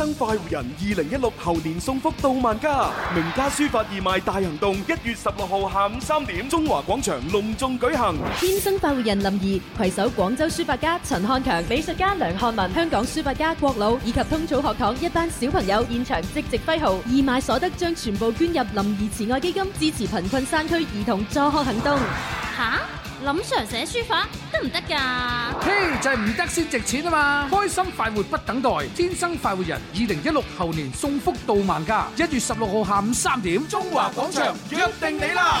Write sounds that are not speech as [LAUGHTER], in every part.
天生快活人二零一六猴年送福到萬家，名家書法義賣大行動一月十六號下午三點，中華廣場隆重舉行。天生快活人林儀携手廣州書法家陳漢強、美術家梁漢文、香港書法家郭老以及通草學堂一班小朋友現場即席揮毫，義賣所得將全部捐入林儀慈愛基金，支持貧困山區兒童助學行動。吓？諗常寫書法行行 hey，得唔得噶，嘿，就係唔得先值錢啊嘛！開心快活不等待，天生快活人。二零一六猴年送福到萬家，一月十六號下午三點，中華廣場約定你啦！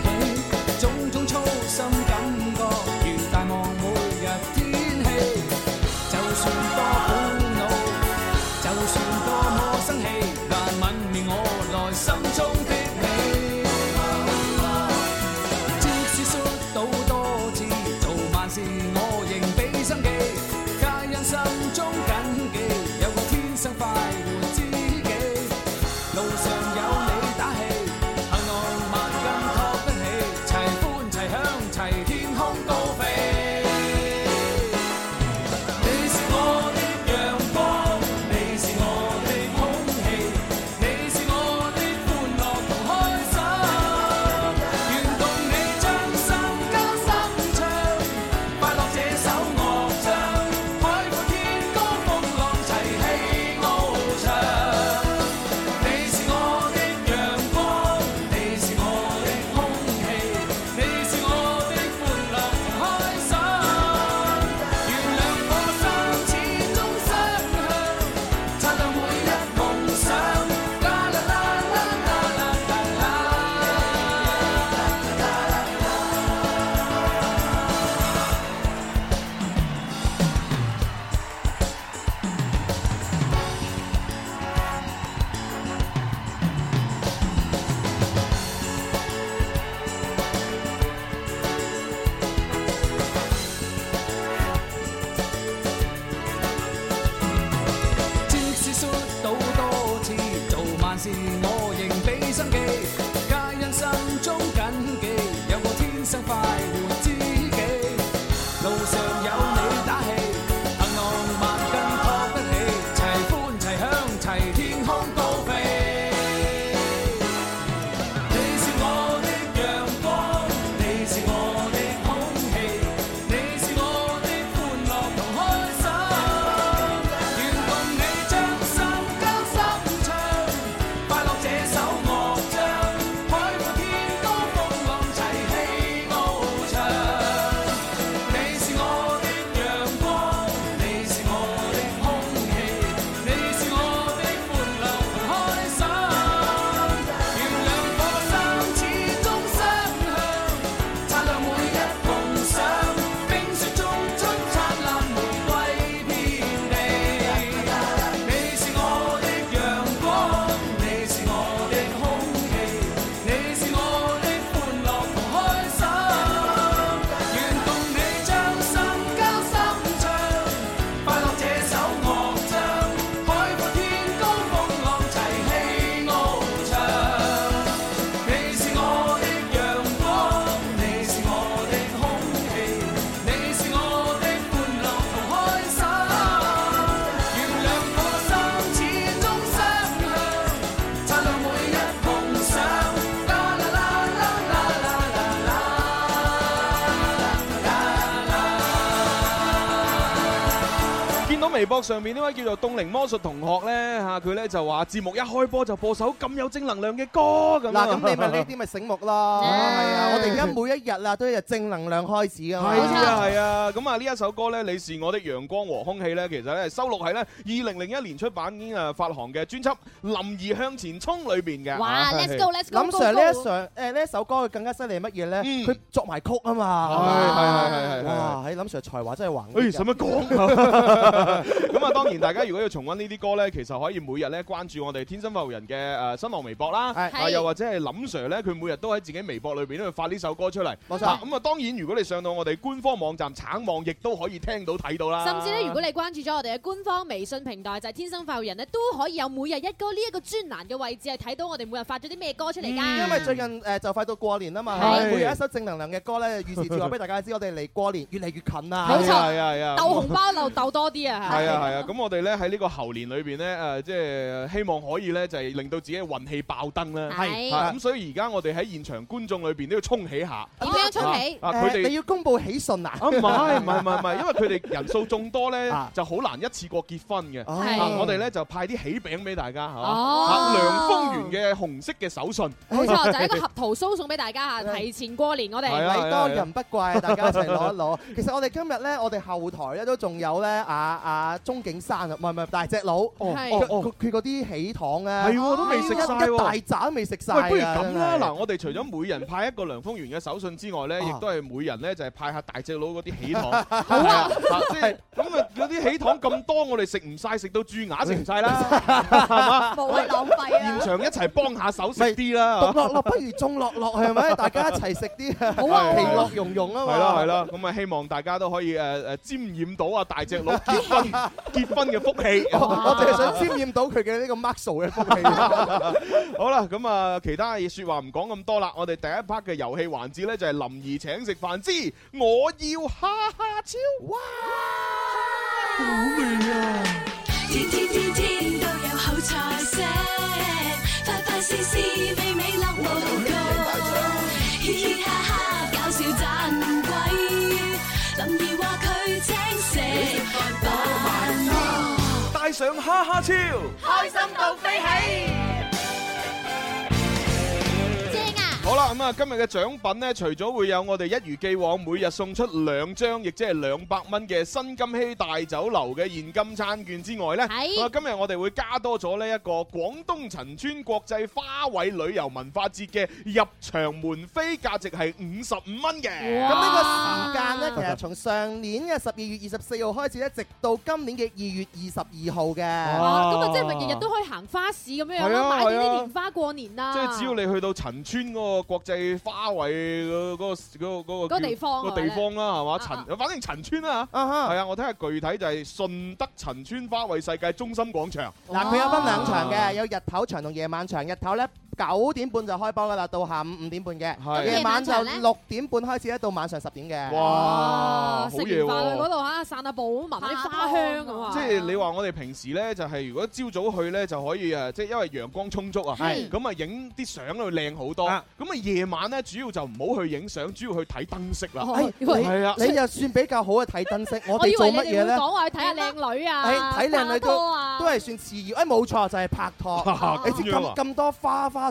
幕上面呢位叫做凍齡魔術同學咧。佢咧就話節目一開波就播首咁有正能量嘅歌咁啊！咁你咪呢啲咪醒目咯？係啊！我哋而家每一日啊，都係正能量開始啊！係啊！係啊！咁啊，呢一首歌咧，你是我的陽光和空氣咧，其實咧收錄喺咧二零零一年出版已經啊發行嘅專輯《林毅向前衝》裏邊嘅。哇！Let's go，Let's go，林 sir 呢一上誒呢一首歌更加犀利係乜嘢咧？佢作埋曲啊嘛！係係係係哇！喺林 sir 嘅才華真係橫。哎！使乜講啊？咁啊，當然大家如果要重温呢啲歌咧，其實可以。每日咧關注我哋天生快活人嘅誒新浪微博啦，又或者係林 Sir 咧，佢每日都喺自己微博裏邊都發呢首歌出嚟。冇錯。咁啊，當然如果你上到我哋官方網站橙網，亦都可以聽到睇到啦。甚至咧，如果你關注咗我哋嘅官方微信平台，就係天生快活人咧，都可以有每日一歌呢一個專欄嘅位置，係睇到我哋每日發咗啲咩歌出嚟㗎。因為最近誒就快到過年啦嘛，每日一首正能量嘅歌咧，預示住話俾大家知，我哋離過年越嚟越近啦。冇錯，係啊，鬥紅包就鬥多啲啊。係啊係啊，咁我哋咧喺呢個猴年裏邊咧誒。即係希望可以咧，就係令到自己嘅運氣爆燈咧。係咁，所以而家我哋喺現場觀眾裏邊都要沖喜下。點樣沖喜？佢哋要公布喜訊啊？唔係唔係唔係，因為佢哋人數眾多咧，就好難一次過結婚嘅。我哋咧就派啲喜餅俾大家吓。哦，梁豐源嘅紅色嘅手信。冇錯，就係一個合桃酥送俾大家吓。提前過年，我哋禮多人不怪，大家一齊攞一攞。其實我哋今日咧，我哋後台咧都仲有咧，阿阿鐘景山啊，唔係唔係，大隻佬。係。佢佢嗰啲喜糖啊，係喎都未食曬，一大紮都未食曬。不如咁啦，嗱，我哋除咗每人派一個梁風園嘅手信之外咧，亦都係每人咧就係派下大隻佬嗰啲喜糖。好啊，即係咁啊，嗰啲喜糖咁多，我哋食唔曬，食到蛀牙食唔曬啦，係嘛？無謂浪費啊！現場一齊幫下手食啲啦，獨樂樂不如眾樂樂係咪？大家一齊食啲，好啊，其樂融融啊嘛。係啦係啦，咁啊希望大家都可以誒誒沾染到啊大隻佬結婚結婚嘅福氣。我我淨係想沾染。到佢嘅呢個 max level 嘅福氣，好啦，咁啊，其他嘢説話唔講咁多啦，我哋第一 part 嘅遊戲環節咧就係林兒請食飯之，我要哈哈超哇，哇！好味啊！天天天天都有好菜食，快快試試，上哈哈超，開心到飛起！咁啊、嗯，今日嘅獎品咧，除咗會有我哋一如既往每日送出兩張，亦即係兩百蚊嘅新金禧大酒樓嘅現金餐券之外咧是、嗯，今日我哋會加多咗呢一個廣東陳村國際花卉旅遊文化節嘅入場門飛，價值係五十五蚊嘅。咁呢哇個時間呢，其實從上年嘅十二月二十四號開始，一直到今年嘅二月二十二號嘅。咁啊，即係咪日日都可以行花市咁樣樣咧，啊啊、買啲啲年花過年啊？即係只要你去到陳村嗰個國。就係花卉，嗰個嗰，嗰個嗰，嗰個嗰個個地方個地方啦，係嘛陳，反正陳村啦，啊，吓，係啊，哈啊，我睇下具體就係順德陳村花卉世界中心廣場，嗱哇，佢，啊，有分兩場嘅，有日頭場同夜晚場，日頭咧，九點半就開波啦，到下午五點半嘅，夜晚就六點半開始，一到晚上十點嘅。哇，食完飯去嗰度啊，散下步，聞下啲花香咁啊！即係你話我哋平時咧就係如果朝早去咧就可以啊，即係因為陽光充足啊，咁啊影啲相咧會靚好多。咁啊夜晚咧主要就唔好去影相，主要去睇燈飾啦。係啊，你又算比較好去睇燈飾。我哋做乜嘢咧？講話去睇下靚女啊，睇靚女都都係算次要。誒冇錯，就係拍拖。你知咁多花花？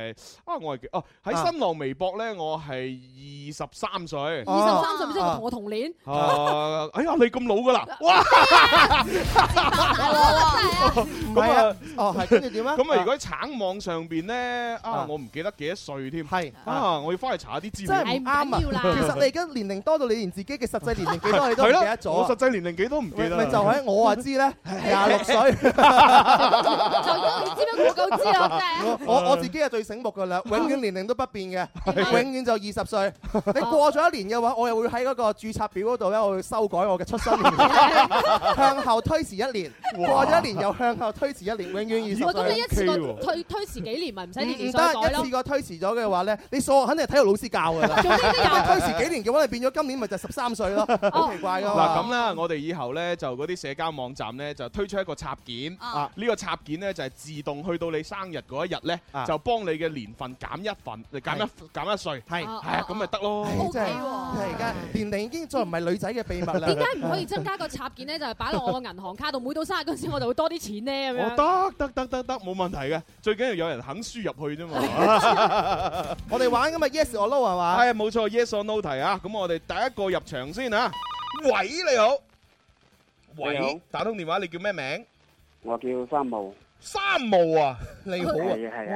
誒啊！我係哦喺新浪微博咧，我係二十三歲。二十三歲，即係同我同年。誒，哎呀，你咁老噶啦！哇，咁啊，係跟住點啊？咁啊，如果喺橙網上邊咧啊，我唔記得幾多歲添。係啊，我要翻去查啲資料。真係唔啱啊！其實你而家年齡多到，你連自己嘅實際年齡幾多你都唔記得咗。我實際年齡幾多唔記得。咪就喺我啊知咧，廿六歲。就都你知唔知我夠知啦？我我自己係最。醒目噶啦，永遠年齡都不變嘅，永遠就二十歲。你過咗一年嘅話，我又會喺嗰個註冊表嗰度咧，我會修改我嘅出生年齡，向後推遲一年。過咗一年又向後推遲一年，永遠二十歲。咁你一次過推推遲幾年咪唔使年齡修改咯？一次過推遲咗嘅話咧，你數學肯定係體育老師教㗎啦。咁你推遲幾年嘅話，你變咗今年咪就十三歲咯？好奇怪㗎。嗱咁啦，我哋以後咧就嗰啲社交網站咧就推出一個插件，呢個插件咧就係自動去到你生日嗰一日咧，就幫你嘅年份減一份，嚟減一減一歲。係係啊，咁咪得咯。O K 喎，即係而家年齡已經再唔係女仔嘅秘密啦。點解唔可以增加個插件咧？就係擺落我個銀行卡度，每到生日嗰陣時我就會多啲錢咧咁樣。得得得得得，冇問題嘅。最緊要有人肯輸入去啫嘛。我哋玩㗎嘛，Yes or No 係嘛？係啊，冇錯，Yes or No 題啊。咁我哋第一個入場先啊。喂，你好。喂。打通電話，你叫咩名？我叫三毛。三毛啊，你好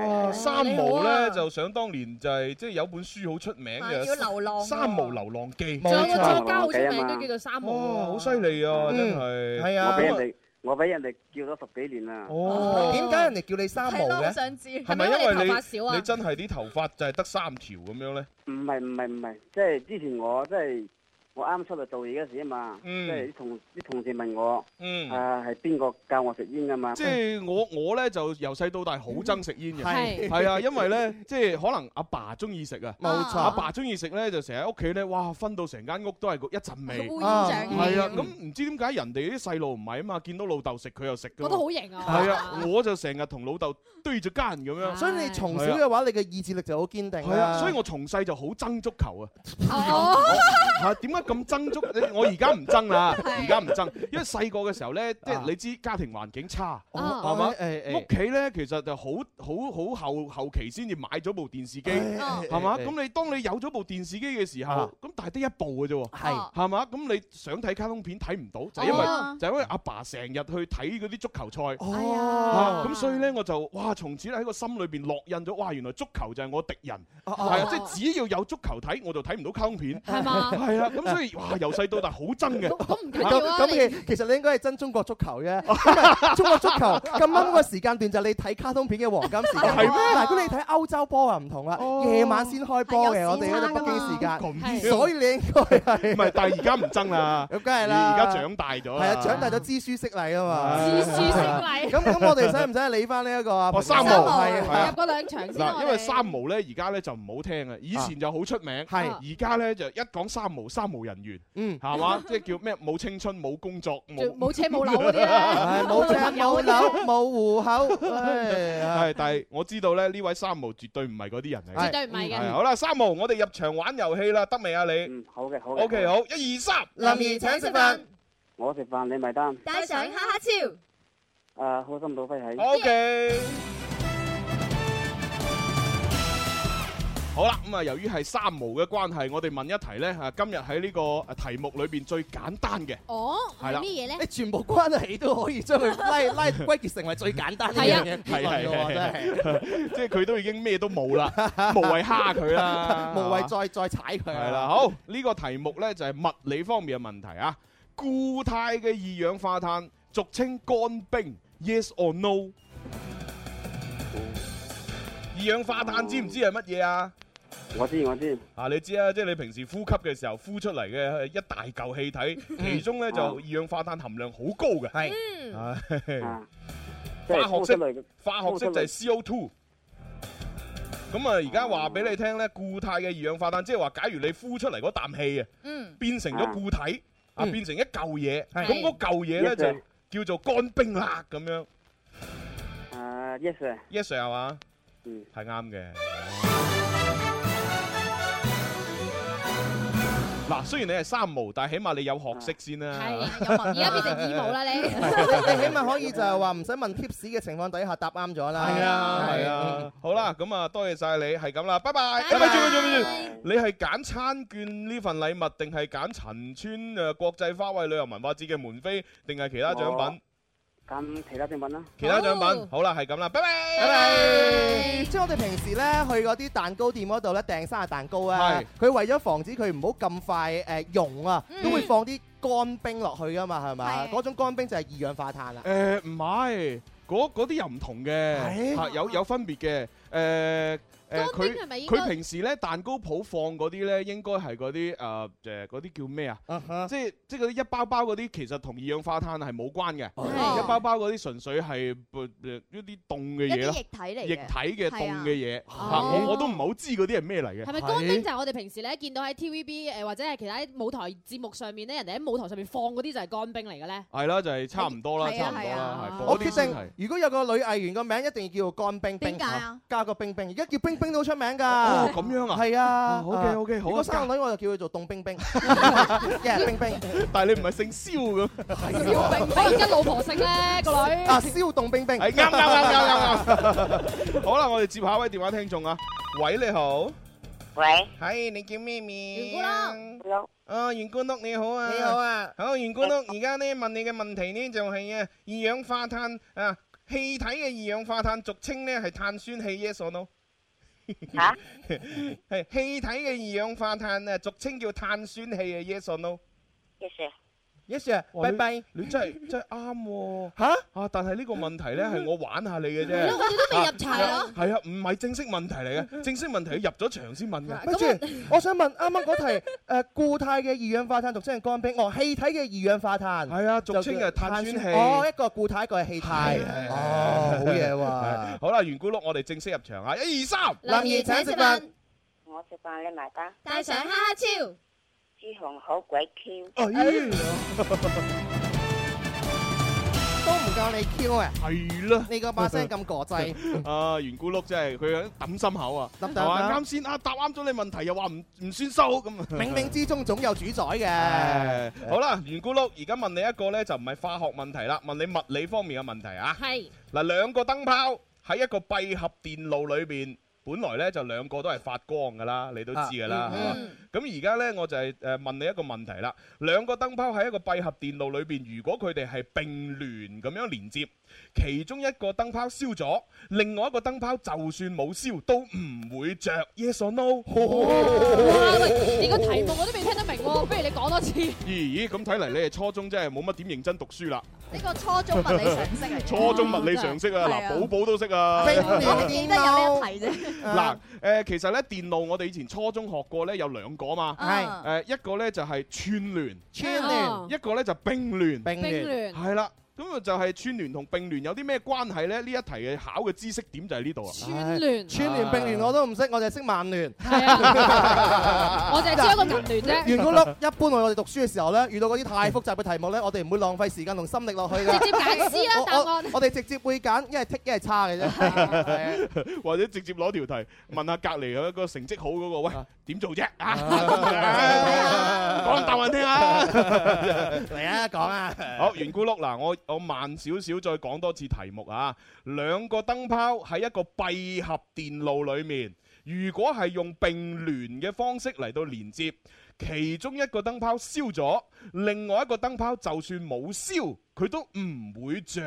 啊，三毛咧，就想當年就係即係有本書好出名嘅，流浪，《三毛流浪記》，仲有個作家好出名嘅都叫做三毛，好犀利啊，真係，我俾人哋，我俾人哋叫咗十幾年啦。哦，點解人哋叫你三毛嘅？係咯，我想知，係咪因為你你真係啲頭髮就係得三條咁樣咧？唔係唔係唔係，即係之前我即係。我啱出嚟做嘢嗰時啊嘛，即係啲同啲同事問我，啊係邊個教我食煙啊嘛？即係我我咧就由細到大好憎食煙嘅，係係啊，因為咧即係可能阿爸中意食啊，冇錯，阿爸中意食咧就成日喺屋企咧，哇分到成間屋都係一陣味，係啊，咁唔知點解人哋啲細路唔係啊嘛，見到老豆食佢又食，我覺得好型啊，係啊，我就成日同老豆對住家人咁樣，所以你從小嘅話，你嘅意志力就好堅定啊，所以我從細就好憎足球啊，係點解？咁憎足，我而家唔憎啦，而家唔憎，因為細個嘅時候呢，即係你知家庭環境差，係嘛？屋企呢其實就好好好後後期先至買咗部電視機，係嘛？咁你當你有咗部電視機嘅時候，咁但係得一部嘅啫喎，係係嘛？咁你想睇卡通片睇唔到，就因為就因為阿爸成日去睇嗰啲足球賽，咁所以呢，我就哇，從此喺個心裏邊烙印咗，哇，原來足球就係我敵人，係啊，即係只要有足球睇我就睇唔到卡通片，係嘛？係啊，咁。哇！由細到大好憎嘅，咁咁其其實你應該係憎中國足球啫，中國足球咁啱個時間段就你睇卡通片嘅黃金時間，係咩？嗱，如果你睇歐洲波啊唔同啦，夜晚先開波嘅，我哋北京時間，所以你應該係唔係？但係而家唔憎啦，咁梗係啦，而家長大咗，係啊，長大咗知書識禮啊嘛，知書識禮。咁咁我哋使唔使理翻呢一個啊？三毛係啊，入嗰兩場先。嗱，因為三毛咧而家咧就唔好聽啊，以前就好出名，係而家咧就一講三毛，三毛。人員，係嘛，即係叫咩？冇青春，冇工作，冇冇車冇樓嗰啲，冇車冇樓冇戶口，係。但係我知道咧，呢位三毛絕對唔係嗰啲人嚟嘅，絕對唔係嘅。好啦，三毛，我哋入場玩遊戲啦，得未啊你？嗯，好嘅，好。OK，好，一二三，林怡請食飯，我食飯你埋單，帶上哈哈超，啊，開心到飛起。OK。好啦，咁啊，由於係三毛嘅關係，我哋問一題咧，啊，今日喺呢個題目裏邊最簡單嘅，哦，係啦，咩嘢咧？全部關係都可以將佢拉拉歸結成為最簡單嘅嘢嚟嘅喎，真係，即係佢都已經咩都冇啦，無謂蝦佢啦，無謂再再踩佢。係啦，好，呢個題目咧就係物理方面嘅問題啊，固態嘅二氧化碳俗稱乾冰，Yes or No？二氧化碳知唔知係乜嘢啊？我知，我知。啊，你知啦，即係你平時呼吸嘅時候，呼出嚟嘅一大嚿氣體，其中咧就二氧化碳含量好高嘅。係，化學式，化學式就係 CO2。咁啊，而家話俾你聽咧，固態嘅二氧化碳，即係話，假如你呼出嚟嗰啖氣啊，嗯，變成咗固體啊，變成一嚿嘢，咁嗰嚿嘢咧就叫做乾冰啦，咁樣。啊，yes。Yes 係嘛？嗯，係啱嘅。嗱，雖然你係三無，但係起碼你有學識先啦。係，有學，而家變成二無啦，你你起碼可以就係話唔使問 tips 嘅情況底下答啱咗啦。係啊，係啊。好啦，咁啊，多謝晒你，係咁啦，拜拜。做咩做咩做咩做？你係揀餐券呢份禮物，定係揀陳村誒國際花卉旅遊文化節嘅門飛，定係其他獎品？咁其他獎品啦，其他獎品，好，好啦，係咁啦，拜拜，拜拜 bye。即係我哋平時咧去嗰啲蛋糕店嗰度咧訂生日蛋糕啊，佢是為咗防止佢唔好咁快誒溶啊，嗯、都會放啲乾冰落去噶嘛，係咪？嗰是種乾冰就係二氧化碳啦。誒、呃，唔係，嗰啲又唔同嘅，吓嗎有有分別嘅，誒、呃。誒佢佢平時咧蛋糕鋪放嗰啲咧，應該係嗰啲誒誒嗰啲叫咩啊？即係即係嗰啲一包包嗰啲，其實同二氧化碳係冇關嘅。一包包嗰啲純粹係一啲凍嘅嘢液體嚟液體嘅凍嘅嘢，我都唔係好知嗰啲係咩嚟嘅。係咪乾冰就係我哋平時咧見到喺 TVB 誒或者係其他舞台節目上面咧，人哋喺舞台上面放嗰啲就係乾冰嚟嘅咧？係啦，就係差唔多啦，差唔多啦。我決定，如果有個女藝員個名一定要叫做乾冰冰，加個冰冰，而家叫冰。冰都出名噶哦，咁樣啊，係啊，OK，OK，好。如果生個女，我就叫佢做凍冰冰，叫冰冰。但係你唔係姓蕭咁，係蕭冰。可以跟老婆姓咧個女啊，蕭凍冰冰，係啱啱啱啱啱。好啦，我哋接下一位電話聽眾啊。喂，你好，喂，係你叫咩名？袁咕碌，咕碌。哦，袁咕碌你好啊，你好啊，好袁咕碌。而家咧問你嘅問題咧就係啊，二氧化碳啊氣體嘅二氧化碳俗稱咧係碳酸氣耶，傻佬。係氣 [LAUGHS] 體嘅二氧化碳啊，俗稱叫碳酸氣啊，yes or no? Yes sir，拜拜！你真係真啱喎嚇啊！但係呢個問題咧，係我玩下你嘅啫。係咯，我哋都未入場。係啊，唔係正式問題嚟嘅，正式問題要入咗場先問嘅。跟住，我想問啱啱嗰題誒固態嘅二氧化碳俗稱係乾冰，哦氣體嘅二氧化碳係啊，俗稱係碳酸氣。哦，一個固態，一個係氣態。哦，好嘢喎！好啦，圓咕碌，我哋正式入場啊！一二三，林怡請食飯，我食飯你埋單，帶上哈哈超。呢好鬼 Q，都唔夠你 Q 的你 [LAUGHS] 啊！係啦、就是，你個把聲咁國際啊！圓咕碌真係佢喺抌心口啊！啱先啊答啱咗你問題，又話唔唔算數咁。冥冥之中總有主宰嘅、哎。好啦，圓咕碌，而家問你一個咧，就唔係化學問題啦，問你物理方面嘅問題啊！係嗱的，兩個燈泡喺一個閉合電路裏邊。本來咧就兩個都係發光㗎啦，你都知㗎啦。咁而家咧我就係誒問你一個問題啦。兩個燈泡喺一個閉合電路裏邊，如果佢哋係並聯咁樣連接，其中一個燈泡燒咗，另外一個燈泡就算冇燒都唔會着。Yes or no？哇！你個題目我都未聽得明喎，不如你講多次。咦咦，咁睇嚟你係初中真係冇乜點認真讀書啦。呢個初中物理常識。初中物理常識啊，嗱，寶寶都識啊。你見得有咩題啫？嗱，誒、啊呃、其實咧電路，我哋以前初中學過咧有兩個嘛，係誒是、呃、一個咧就係、是、串聯，串聯，一個咧就並、是、聯，並聯，係啦。咁啊，就係串聯同並聯有啲咩關係咧？呢一題嘅考嘅知識點就喺呢度啊！串聯、串聯、並聯我都唔識，我就係識曼聯，我就係知一個銀聯啫。圓咕碌，一般我哋讀書嘅時候咧，遇到嗰啲太複雜嘅題目咧，我哋唔會浪費時間同心力落去嘅。直接揀 C 啦，答案。我哋直接會揀一係剔一係差嘅啫，或者直接攞條題問下隔離嗰個成績好嗰個，喂，點做啫？講答案聽下，嚟啊，講啊。好，圓咕碌嗱，我。我慢少少再講多次題目啊！兩個燈泡喺一個閉合電路裏面，如果係用並聯嘅方式嚟到連接，其中一個燈泡燒咗，另外一個燈泡就算冇燒，佢都唔會着。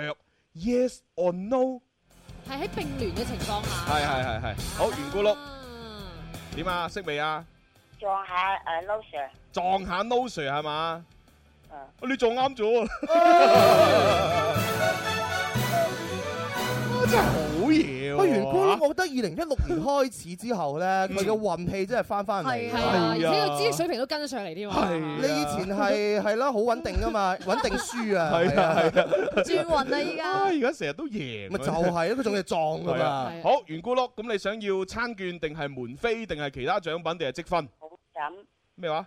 Yes or no？係喺並聯嘅情況下，啊。係係係係。好，圓咕碌。點啊？識未啊？撞下誒，uh，no sir。撞下 no sir 係咪？你撞啱咗啊！真係好嘢！喂，袁姑，我覺得二零一六年開始之後咧，佢嘅運氣真係翻翻嚟，係啊，而且佢知識水平都跟得上嚟啲嘛。係你以前係係啦，好穩定噶嘛，穩定輸啊，係啊係啊，轉運啊依家。而家成日都贏，咪就係啊！佢仲要撞噶嘛。好，袁姑咯，咁你想要餐券定係門飛定係其他獎品定係積分？好飲。咩話？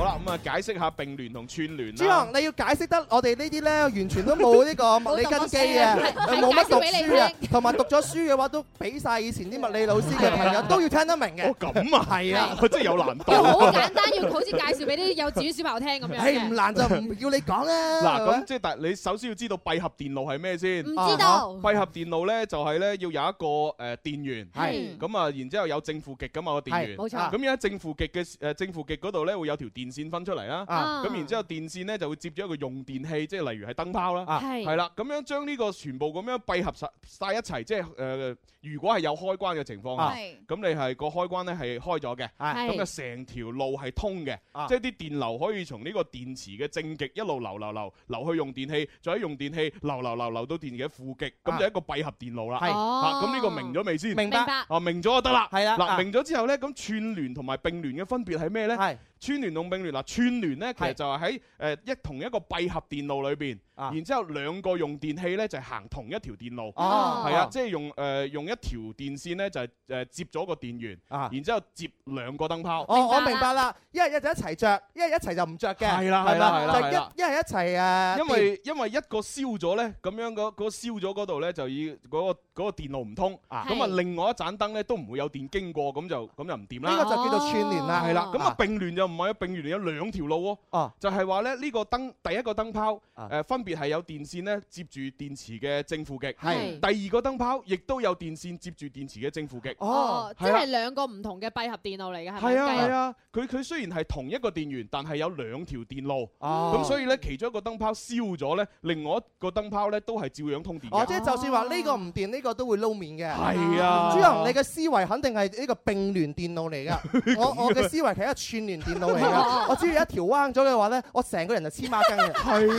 好啦，咁啊，解釋下並聯同串聯。朱鵬，你要解釋得我哋呢啲咧，完全都冇呢個物理根基啊，冇乜讀書啊，同埋讀咗書嘅話，都俾晒以前啲物理老師嘅朋友都要聽得明嘅。哦，咁啊，係啊，佢真係有難度。要好簡單，要好似介紹俾啲幼稚園小朋友聽咁樣。誒，唔難就唔要你講啦。嗱，咁即係但你首先要知道閉合電路係咩先？唔知道。閉合電路咧，就係咧要有一個誒電源，係咁啊，然之後有正負極噶嘛個電源。冇錯。咁而家正負極嘅誒正負極嗰度咧，會有條電線分出嚟啦，咁然之後電線呢就會接咗一個用電器，即係例如係燈泡啦，係啦，咁樣將呢個全部咁樣閉合晒晒一齊，即係誒，如果係有開關嘅情況下，咁你係個開關呢係開咗嘅，咁就成條路係通嘅，即係啲電流可以從呢個電池嘅正極一路流流流流去用電器，再喺用電器流流流流到電池嘅負極，咁就一個閉合電路啦。吓，咁呢個明咗未先？明白啊，明咗就得啦。係啦，嗱，明咗之後呢，咁串聯同埋並聯嘅分別係咩呢？串聯同並聯，嗱，串聯呢，其實就係喺一同一個閉合電路裏面。然之後兩個用電器咧就係行同一條電路，係啊，即係用誒用一條電線咧就係誒接咗個電源，然之後接兩個燈泡。我我明白啦，一係一就一齊着，一係一齊就唔着嘅。係啦，係啦，係啦，一一係一齊誒。因為因為一個燒咗咧，咁樣嗰嗰燒咗嗰度咧就以嗰個嗰個電路唔通，咁啊另外一盞燈咧都唔會有電經過，咁就咁就唔掂啦。呢個就叫做串聯啦，係啦。咁啊並聯就唔係啊，並聯有兩條路喎，就係話咧呢個燈第一個燈泡誒分別。係有電線咧接住電池嘅正負極，係第二個燈泡亦都有電線接住電池嘅正負極。哦，即係兩個唔同嘅閉合電路嚟嘅，係咪？係啊，佢佢雖然係同一個電源，但係有兩條電路。咁所以呢，其中一個燈泡燒咗咧，另外一個燈泡呢都係照樣通電。哦，即係就算話呢個唔電，呢個都會撈面嘅。係啊，朱行，你嘅思維肯定係呢個並聯電路嚟㗎。我我嘅思維係一串聯電路嚟㗎。我只要一條彎咗嘅話呢，我成個人就黐孖筋嘅。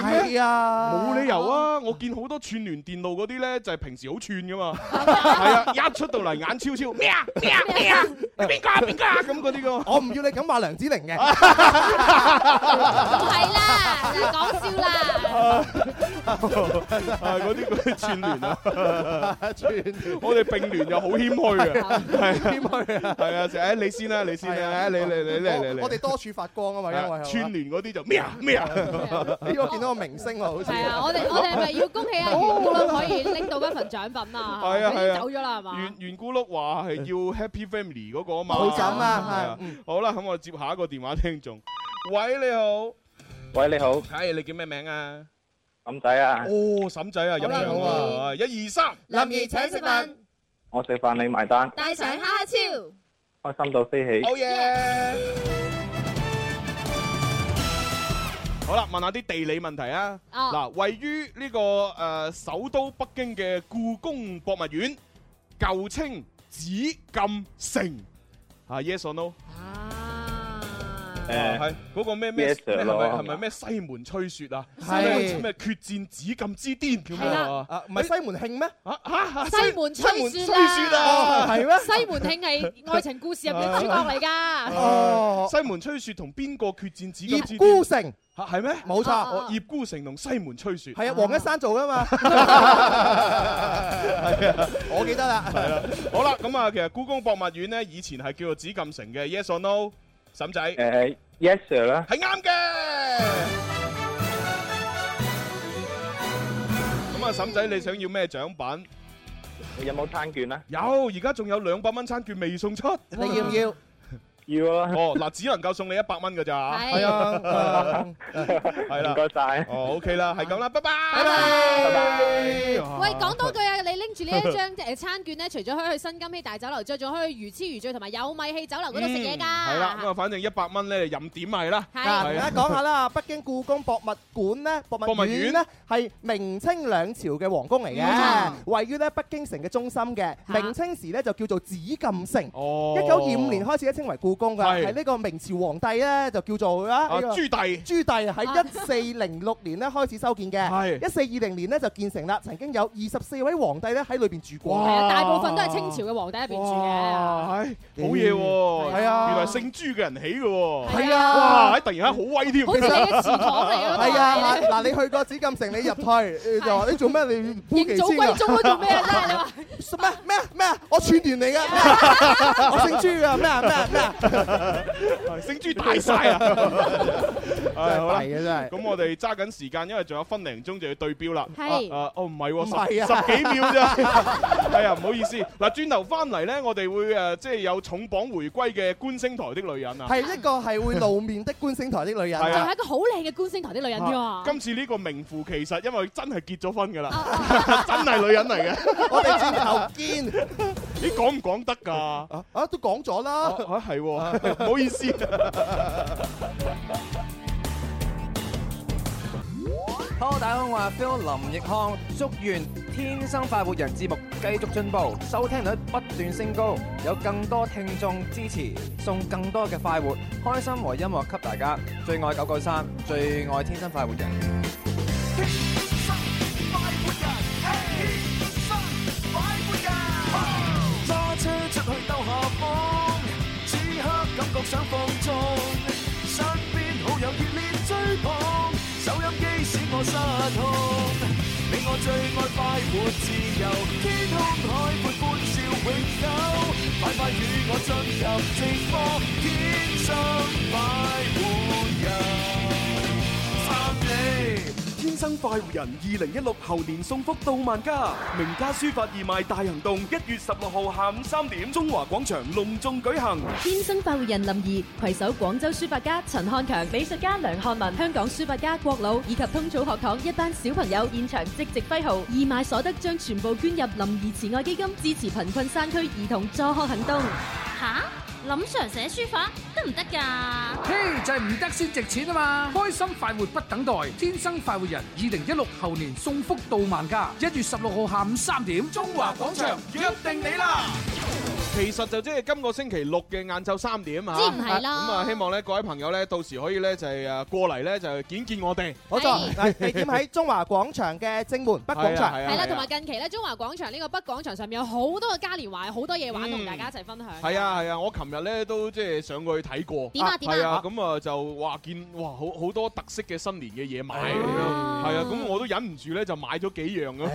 係啊！冇理由啊！我見好多串聯電路嗰啲咧，就係平時好串噶嘛，係啊，一出到嚟眼超超，咩啊咩啊咩啊，邊個啊邊個啊咁嗰啲咯。我唔要你咁話梁子玲嘅，唔係啦，講笑啦，係嗰啲嗰啲串聯啊，串聯。我哋並聯又好謙虛啊，係謙虛啊，係啊，成日誒你先啦，你先啊，你你你咧嚟嚟。我哋多處發光啊嘛，因為串聯嗰啲就咩啊咩啊，咦我見到個明星喎。係啊！我哋我哋係咪要恭喜阿圓咕碌可以拎到一份獎品啊？係啊係啊，走咗啦係嘛？圓圓咕碌話係要 Happy Family 嗰個啊嘛。好沈啊！好啦，咁我接下一個電話聽眾。喂，你好。喂，你好。係你叫咩名啊？沈仔啊。哦，沈仔啊，你好啊！一二三，林如請食飯。我食飯你埋單。帶上哈哈超。開心到飛起。好嘢。好啦，問下啲地理問題啊！嗱、oh. 這個，位於呢個誒首都北京嘅故宮博物院，舊稱紫禁城。啊、uh,，Yes or no？啊、ah. uh, 嗯，誒，係、那、嗰個咩咩係咪咩西門吹雪啊？係咩是決戰紫禁之巔？係啦、啊，唔係、啊、西門慶咩、啊？啊啊！西門吹雪啊，係咩？西門慶係愛情故事入面嘅主角嚟㗎。哦，西門吹雪同邊個決戰紫禁城。吓係咩？冇錯，我葉孤城同西門吹雪係啊，黃一山做噶嘛？係啊，我記得啦。係啦，好啦，咁啊，其實故宮博物院咧以前係叫做紫禁城嘅。Yes or No，嬸仔，誒，Yes sir 啦，係啱嘅。咁啊，嬸仔，你想要咩獎品？你有冇餐券啊？有，而家仲有兩百蚊餐券未送出。你要唔要？要咯，哦嗱，只能夠送你一百蚊㗎咋，係啊，係啦，唔該曬，哦，OK 啦，係咁啦，拜拜，拜拜，拜拜。喂，講多句啊，你拎住呢一張誒餐券咧，除咗可以去新金禧大酒樓，再仲可以魚翅魚醉同埋有米氣酒樓嗰度食嘢㗎。係啦，咁啊，反正一百蚊咧任點咪啦。係啊，講下啦，北京故宮博物館咧，博物館咧係明清兩朝嘅皇宮嚟嘅，位於咧北京城嘅中心嘅，明清時咧就叫做紫禁城，一九二五年開始咧稱為故宮。係喺呢個明朝皇帝咧，就叫做啊，朱棣，朱棣喺一四零六年咧開始修建嘅，係一四二零年咧就建成啦。曾經有二十四位皇帝咧喺裏邊住過。係啊，大部分都係清朝嘅皇帝喺裏邊住嘅。係好嘢喎，係啊，原來姓朱嘅人起嘅喎。係啊，哇！突然間好威添，好嘅祠堂嚟咯。係啊，嗱，你去過紫禁城，你入去就話你做咩？你祖歸宗做咩啊？你話咩咩咩？我串聯嚟嘅，我姓朱啊！咩啊咩啊咩啊！姓朱大曬啊！係，好啦，咁我哋揸緊時間，因為仲有分零鐘就要對表啦。係，啊，哦，唔係，十十幾秒咋？哎呀，唔好意思。嗱，轉頭翻嚟咧，我哋會誒，即係有重磅回歸嘅觀星台的女人啊，係一個係會露面的觀星台的女人，就係一個好靚嘅觀星台的女人。今次呢個名副其實，因為真係結咗婚噶啦，真係女人嚟嘅。我哋轉頭見，你講唔講得噶？啊，都講咗啦，係，唔好意思。Hello 大家好，我係 Phil 林奕匡。祝願《天生快活人》節目繼續進步，收聽率不斷升高，有更多聽眾支持，送更多嘅快活、開心和音樂給大家。最愛九九三，最愛天生快活人。天生快活人，嘿，天生快活人，揸車出去兜下風，此刻感覺想放縱，身邊好友熱烈。你我最愛，快活自由。 [MUSIC] 快活人二零一六猴年送福到萬家，名家書法義賣大行動，一月十六號下午三點，中華廣場隆重舉行。天生快活人林怡攜手廣州書法家陳漢強、美術家梁漢文、香港書法家郭老以及通草學堂一班小朋友，現場即席揮毫，義賣所得將全部捐入林怡慈愛基金，支持貧困山區兒童助學行動。吓！諗 Sir 寫書法得唔得噶？嘿，hey, 就係唔得先值錢啊嘛！開心快活不等待，天生快活人。二零一六猴年送福到萬家，一月十六號下午三點，中華廣場約定你啦！其實就即係今個星期六嘅晏晝三點啊嘛，咁啊希望咧各位朋友咧到時可以咧就係啊過嚟咧就見見我哋，好在地點喺中華廣場嘅正門北廣場，係啦，同埋近期咧中華廣場呢個北廣場上面有好多個嘉年華，好多嘢玩同大家一齊分享。係啊係啊，我琴日咧都即係上過去睇過，點啊點啊，咁啊就話見哇好好多特色嘅新年嘅嘢買，係啊，咁我都忍唔住咧就買咗幾樣啊。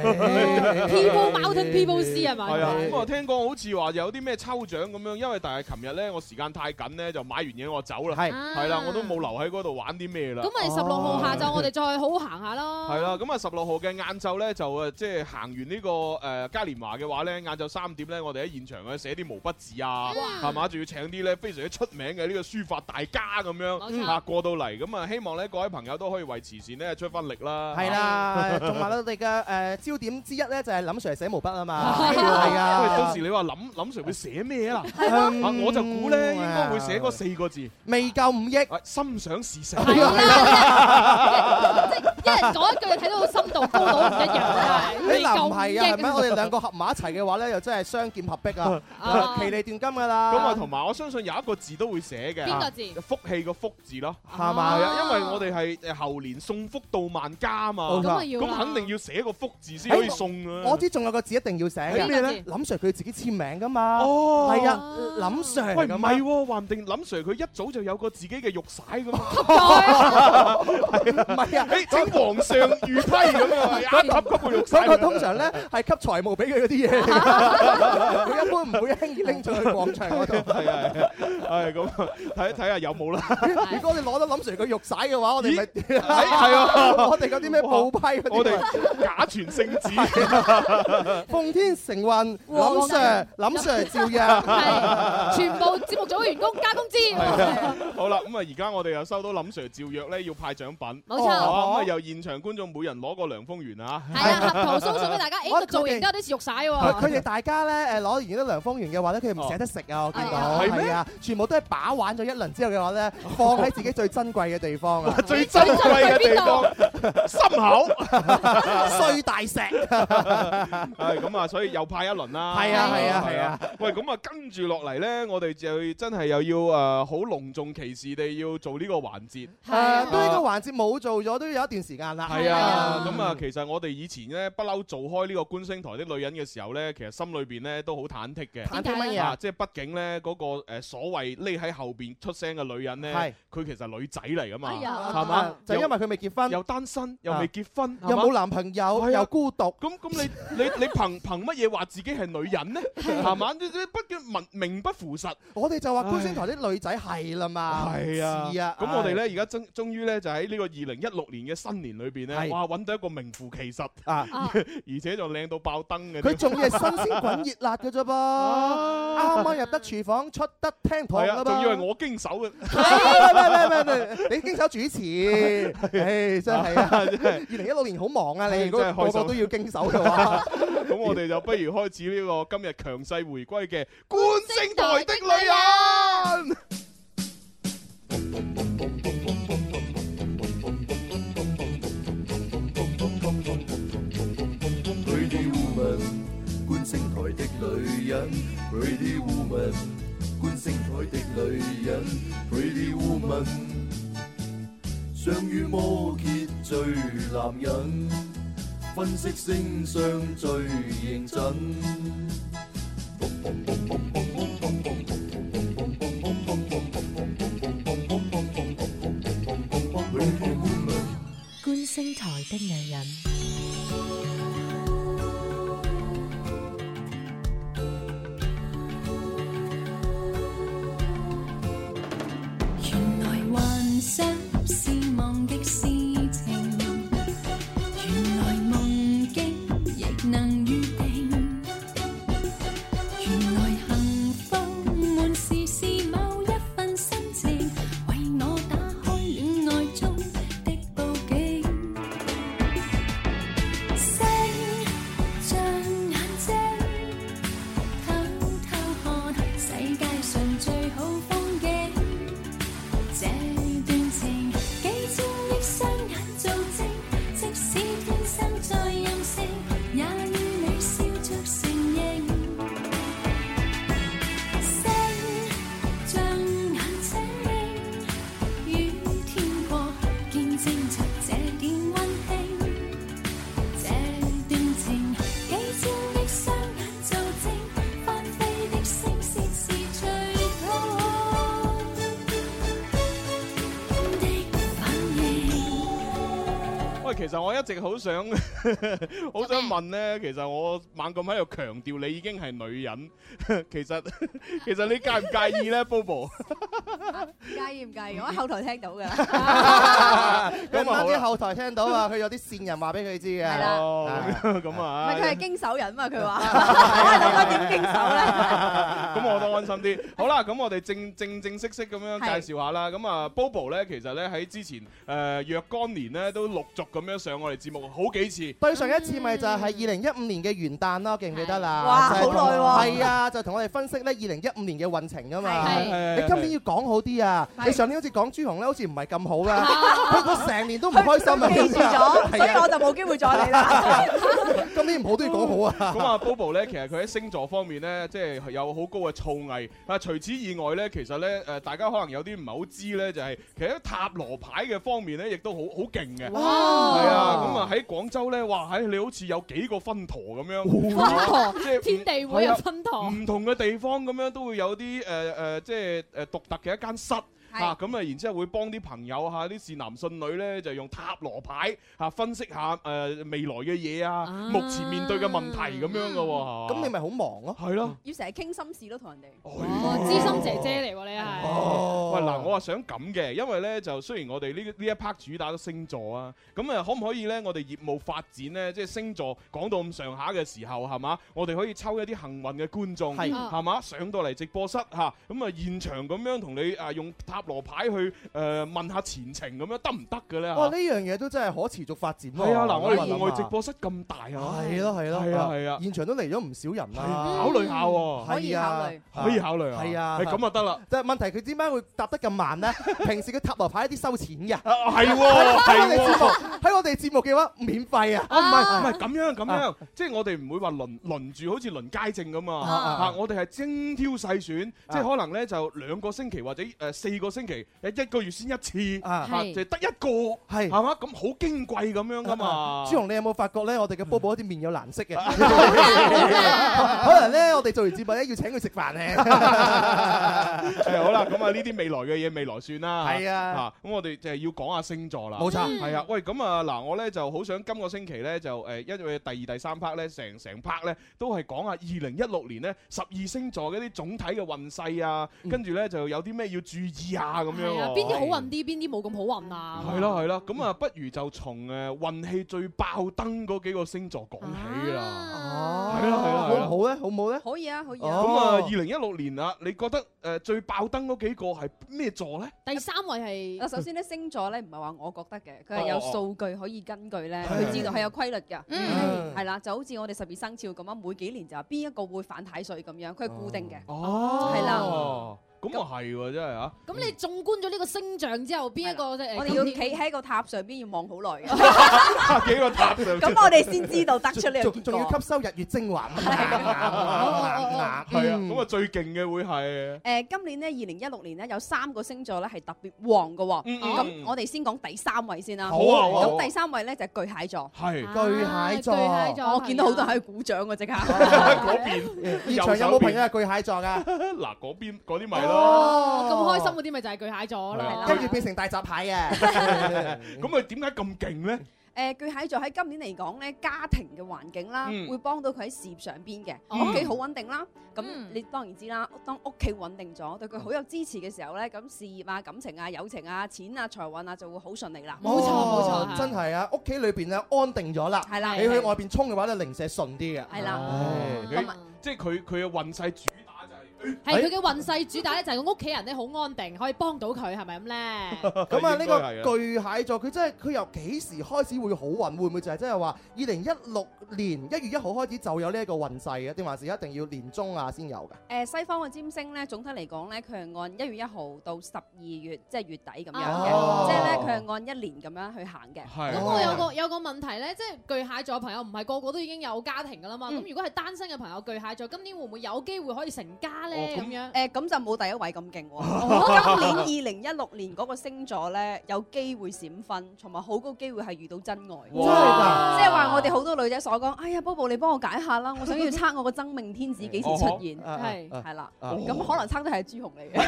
People mountain people sea 係咪？係啊，咁啊聽講好似話有啲，咩抽獎咁樣？因為但係琴日咧，我時間太緊咧，就買完嘢我走啦，係啦，我都冇留喺嗰度玩啲咩啦。咁咪十六號下晝我哋再好好行下咯。係啦，咁啊十六號嘅晏晝咧就誒即係行完呢個誒嘉年華嘅話咧，晏晝三點咧，我哋喺現場咧寫啲毛筆字啊，係嘛，仲要請啲咧非常之出名嘅呢個書法大家咁樣啊過到嚟，咁啊希望咧各位朋友都可以為慈善呢出翻力啦。係啦，同埋我哋嘅誒焦點之一咧就係林 Sir 寫毛筆啊嘛，係啊，因為到時你話林林 Sir。寫咩啊啦？我就估咧，應該會寫嗰四個字，未夠五億，心想事成。即係一人講一句，睇到深度高到唔一樣。你又唔係啊？我哋兩個合埋一齊嘅話咧，又真係雙劍合璧啊！其利斷金噶啦。咁啊，同埋我相信有一個字都會寫嘅。邊個字？福氣個福字咯，係咪啊？因為我哋係誒，猴年送福到萬家啊嘛。咁肯定要寫個福字先可以送啊。我知仲有個字一定要寫嘅。諗 Sir 佢自己簽名噶嘛。哦，係啊，林 Sir，唔係，話唔定林 Sir 佢一早就有個自己嘅玉璽噶嘛，唔係啊，請皇上御批咁樣，係啊，個玉璽，佢通常咧係給財務俾佢嗰啲嘢，佢一般唔會輕易拎出去廣場嗰度，係啊，係咁睇一睇下有冇啦。如果你攞到林 Sir 個玉璽嘅話，我哋咪係啊，我哋嗰啲咩寶批，我哋假傳聖旨，奉天承運，林 Sir，林 Sir。照約，全部節目組嘅員工加工資。好啦，咁啊，而家我哋又收到林 Sir 照約咧，要派獎品。冇錯，咁啊，由現場觀眾每人攞個涼風丸啊。係啊，合桃酥送俾大家。我做完都有啲肉曬喎。佢哋大家咧誒攞完啲涼風丸嘅話咧，佢唔捨得食啊，我見到係啊，全部都係把玩咗一輪之後嘅話咧，放喺自己最珍貴嘅地方啊。最珍貴嘅地方，心口碎大石。係咁啊，所以又派一輪啦。係啊，係啊，係啊。咁啊，跟住落嚟咧，我哋就真係又要誒好隆重其事地要做呢個環節。係，都呢個環節冇做咗，都要有一段時間啦。係啊，咁啊，其實我哋以前咧不嬲做開呢個觀星台嘅女人嘅時候咧，其實心裏邊咧都好忐忑嘅。忐忑乜嘢啊？即係畢竟咧，嗰個誒所謂匿喺後邊出聲嘅女人咧，佢其實女仔嚟㗎嘛，係嘛？就因為佢未結婚，又單身，又未結婚，又冇男朋友，又孤獨。咁咁你你你憑憑乜嘢話自己係女人咧？係嘛？即係畢竟名不符實，我哋就話觀星台啲女仔係啦嘛，係啊，咁我哋咧而家終終於咧就喺呢個二零一六年嘅新年裏邊咧，哇揾到一個名副其實啊，而且就靚到爆燈嘅，佢仲要係新鮮滾熱辣嘅啫噃，啱啱入得廚房出得廳台，仲以為我經手嘅，唔唔唔，你經手主持，唉真係啊，二零一六年好忙啊，你個個都要經手嘅。咁我哋就不如開始呢個今日強勢回歸嘅觀星台的女人。分析星相最認真， [NOISE] 觀星台的女人。我一直好想，好 [LAUGHS] 想問咧，其實我猛咁喺度強調你已經係女人， [LAUGHS] 其實 [LAUGHS] 其實你介唔介意咧 [LAUGHS] ，Bobo？ [LAUGHS] 介唔介意？我喺後台聽到嘅。咁啊，啲後台聽到啊，佢有啲線人話俾佢知嘅。係啦，咁啊。唔係佢係經手人嘛？佢話點經手咧。咁我都安心啲。好啦，咁我哋正正正式式咁樣介紹下啦。咁啊，Bobo 咧，其實咧喺之前誒若干年咧都陸續咁樣上我哋節目好幾次。對上一次咪就係二零一五年嘅元旦咯，記唔記得啦？哇，好耐喎。係啊，就同我哋分析咧二零一五年嘅運程㗎嘛。係係係。你今年要講好啲啊！你上年好似講朱紅咧，好似唔係咁好啦。我成年都唔開心啊！啊啊記錯， [LAUGHS] 對所以我就冇機會再嚟啦。 [LAUGHS] 今年唔好都要講好、哦、啊。咁啊，Bobo 咧，其實佢喺星座方面咧，即係有好高嘅造詣。啊，除此以外咧，其實咧，誒，大家可能有啲唔係好知咧，就係其實塔羅牌嘅方面咧，亦都好好勁嘅。哇！係啊，咁啊喺廣州咧，哇喺你好似有幾個分舵咁樣，即係哇哇天地會有分舵，唔同嘅地方咁樣都會有啲誒誒，即係誒獨特嘅一間室。嚇咁啊！然之後會幫啲朋友嚇啲信男信女咧，就用塔羅牌嚇分析下誒未來嘅嘢啊，目前面對嘅問題咁樣嘅喎。咁你咪好忙咯？係咯，要成日傾心事咯，同人哋哦，知心姐姐嚟喎，你係。喂嗱，我話想咁嘅，因為咧就雖然我哋呢呢一 part 主打咗星座啊，咁啊可唔可以咧？我哋業務發展咧，即係星座講到咁上下嘅時候係嘛，我哋可以抽一啲幸運嘅觀眾係，係嘛上到嚟直播室嚇，咁啊現場咁樣同你啊用塔。羅牌去誒問下前程咁樣得唔得嘅咧？哇！呢樣嘢都真係可持續發展咯。係啊，嗱，我哋戶外直播室咁大啊。係咯，係咯，係啊，係啊，現場都嚟咗唔少人啦。考慮下喎，可以考慮，可以考慮。係啊，係咁啊得啦。但係問題佢點解會答得咁慢咧？平時佢塔羅牌一啲收錢嘅。係喎，係喎，喺我哋節目嘅話免費啊。唔係唔係，咁樣咁樣，即係我哋唔會話輪輪住，好似輪街證咁啊。啊，我哋係精挑細選，即係可能咧就兩個星期或者誒四個。星期誒一個月先一次啊，就係得一個，係係嘛，咁好矜貴咁樣噶嘛。朱紅，你有冇發覺咧？我哋嘅波波啲面有藍色嘅，可能咧我哋做完節目咧要請佢食飯咧。係好啦，咁啊呢啲未來嘅嘢未來算啦。係啊，咁我哋就係要講下星座啦。冇錯，係啊。喂，咁啊嗱，我咧就好想今個星期咧就誒一為第二第三 part 咧，成成 part 咧都係講下二零一六年咧十二星座嗰啲總體嘅運勢啊，跟住咧就有啲咩要注意。咁樣，邊啲好運啲，邊啲冇咁好運啊？係啦係啦，咁啊，不如就從誒運氣最爆燈嗰幾個星座講起啦。係啦係啦，好唔好咧好唔好咧？可以啊可以啊。咁啊，二零一六年啊，你覺得誒最爆燈嗰幾個係咩座咧？第三位係啊，首先咧星座咧唔係話我覺得嘅，佢係有數據可以根據咧，佢知道係有規律嘅。嗯，係啦，就好似我哋十二生肖咁啊，每幾年就話邊一個會反太歲咁樣，佢係固定嘅。哦，係啦。咁啊係喎，真係啊。咁你縱觀咗呢個星象之後，邊一個我哋要企喺個塔上邊要望好耐嘅？幾個塔？咁我哋先知道得出嚟，仲仲要吸收日月精華。係啊，係啊，係啊！咁啊，最勁嘅會係誒，今年呢，二零一六年呢，有三個星座咧係特別旺㗎喎。咁我哋先講第三位先啦。好啊！咁第三位咧就係巨蟹座。係巨蟹座，我見到好多喺鼓掌嘅即刻。嗰邊現場有冇朋友係巨蟹座啊？嗱，嗰邊啲哦，咁開心嗰啲咪就係巨蟹座啦，係啦，跟住變成大閘蟹嘅，咁佢點解咁勁咧？誒，巨蟹座喺今年嚟講咧，家庭嘅環境啦，會幫到佢喺事業上邊嘅屋企好穩定啦。咁你當然知啦，當屋企穩定咗，對佢好有支持嘅時候咧，咁事業啊、感情啊、友情啊、錢啊、財運啊就會好順利啦。冇錯冇錯，真係啊！屋企裏邊咧安定咗啦，你去外邊衝嘅話就零舍順啲嘅。係啦，咁即係佢佢嘅運勢主。係佢嘅運勢主打咧，就係佢屋企人咧好安定，可以幫到佢，係咪咁咧？咁啊、嗯，呢個、嗯、巨蟹座佢真係佢由幾時開始會好運？會唔會就係即係話二零一六年一月一號開始就有呢一個運勢嘅？定還是一定要年中啊先有嘅？誒、呃，西方嘅占星咧，總體嚟講咧，佢係按一月一號到十二月即係、就是、月底咁樣嘅，即係咧佢係按一年咁樣去行嘅。咁我、哦嗯、有個有個問題咧，即、就、係、是、巨蟹座朋友唔係個個都已經有家庭噶啦嘛？咁、嗯、如果係單身嘅朋友，巨蟹座今年會唔會有機會可以成家咧？咁樣誒，咁就冇第一位咁勁。今年二零一六年嗰個星座咧，有機會閃婚，同埋好高機會係遇到真愛。真係㗎！即係話我哋好多女仔所講，哎呀，Bobo 你幫我解下啦，我想要測我個真命天子幾時出現，係係啦。咁可能測得係朱紅嚟嘅。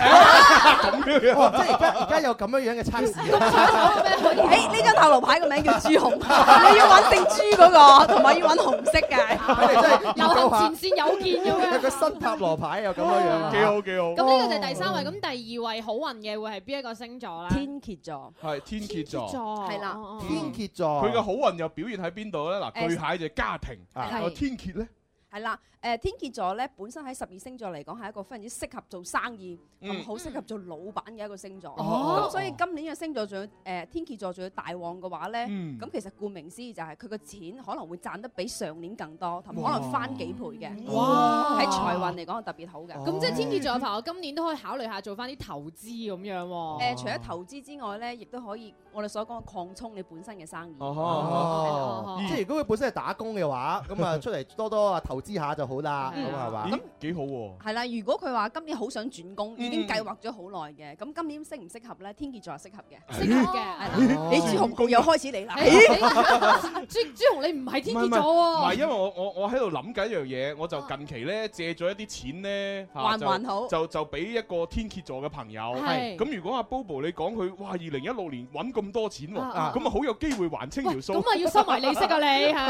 咁樣即係而家而家有咁樣樣嘅測試。誒呢張塔羅牌個名叫朱紅，你要揾定朱嗰個，同埋要揾紅色嘅。佢真係流行前線有見到嘅。佢新塔羅牌又咁。幾好幾好，咁呢個就第三位，咁好第二位好運嘅會係邊一個星座咧？天蠍座，係天蠍座，係啦的，嗯、天蠍座，佢嘅好運又表現喺邊度咧？嗱，巨蟹就係家庭，個、啊、天蠍咧？係啦，誒天蠍座咧，本身喺十二星座嚟講係一個非常之適合做生意，咁好適合做老闆嘅一個星座。咁所以今年嘅星座仲，誒天蠍座仲要大旺嘅話咧，咁其實顧名思義就係佢個錢可能會賺得比上年更多，同埋可能翻幾倍嘅。哇！喺財運嚟講係特別好嘅。咁即係天蠍座嘅朋友，今年都可以考慮下做翻啲投資咁樣喎。誒，除咗投資之外咧，亦都可以我哋所講嘅擴充你本身嘅生意。即係如果佢本身係打工嘅話，咁啊出嚟多多啊投。知下就好啦，咁係嘛？咁幾好喎！係啦，如果佢話今年好想轉工，已經計劃咗好耐嘅，咁今年適唔適合咧？天蠍座係適合嘅，適合嘅。李志雄告又開始嚟啦！朱朱紅，你唔係天蠍座喎。唔係，因為我我我喺度諗緊一樣嘢，我就近期咧借咗一啲錢咧，還還好，就就俾一個天蠍座嘅朋友。係咁，如果阿 BoBo 你講佢哇，二零一六年揾咁多錢喎，咁啊好有機會還清條數。咁啊要收埋利息啊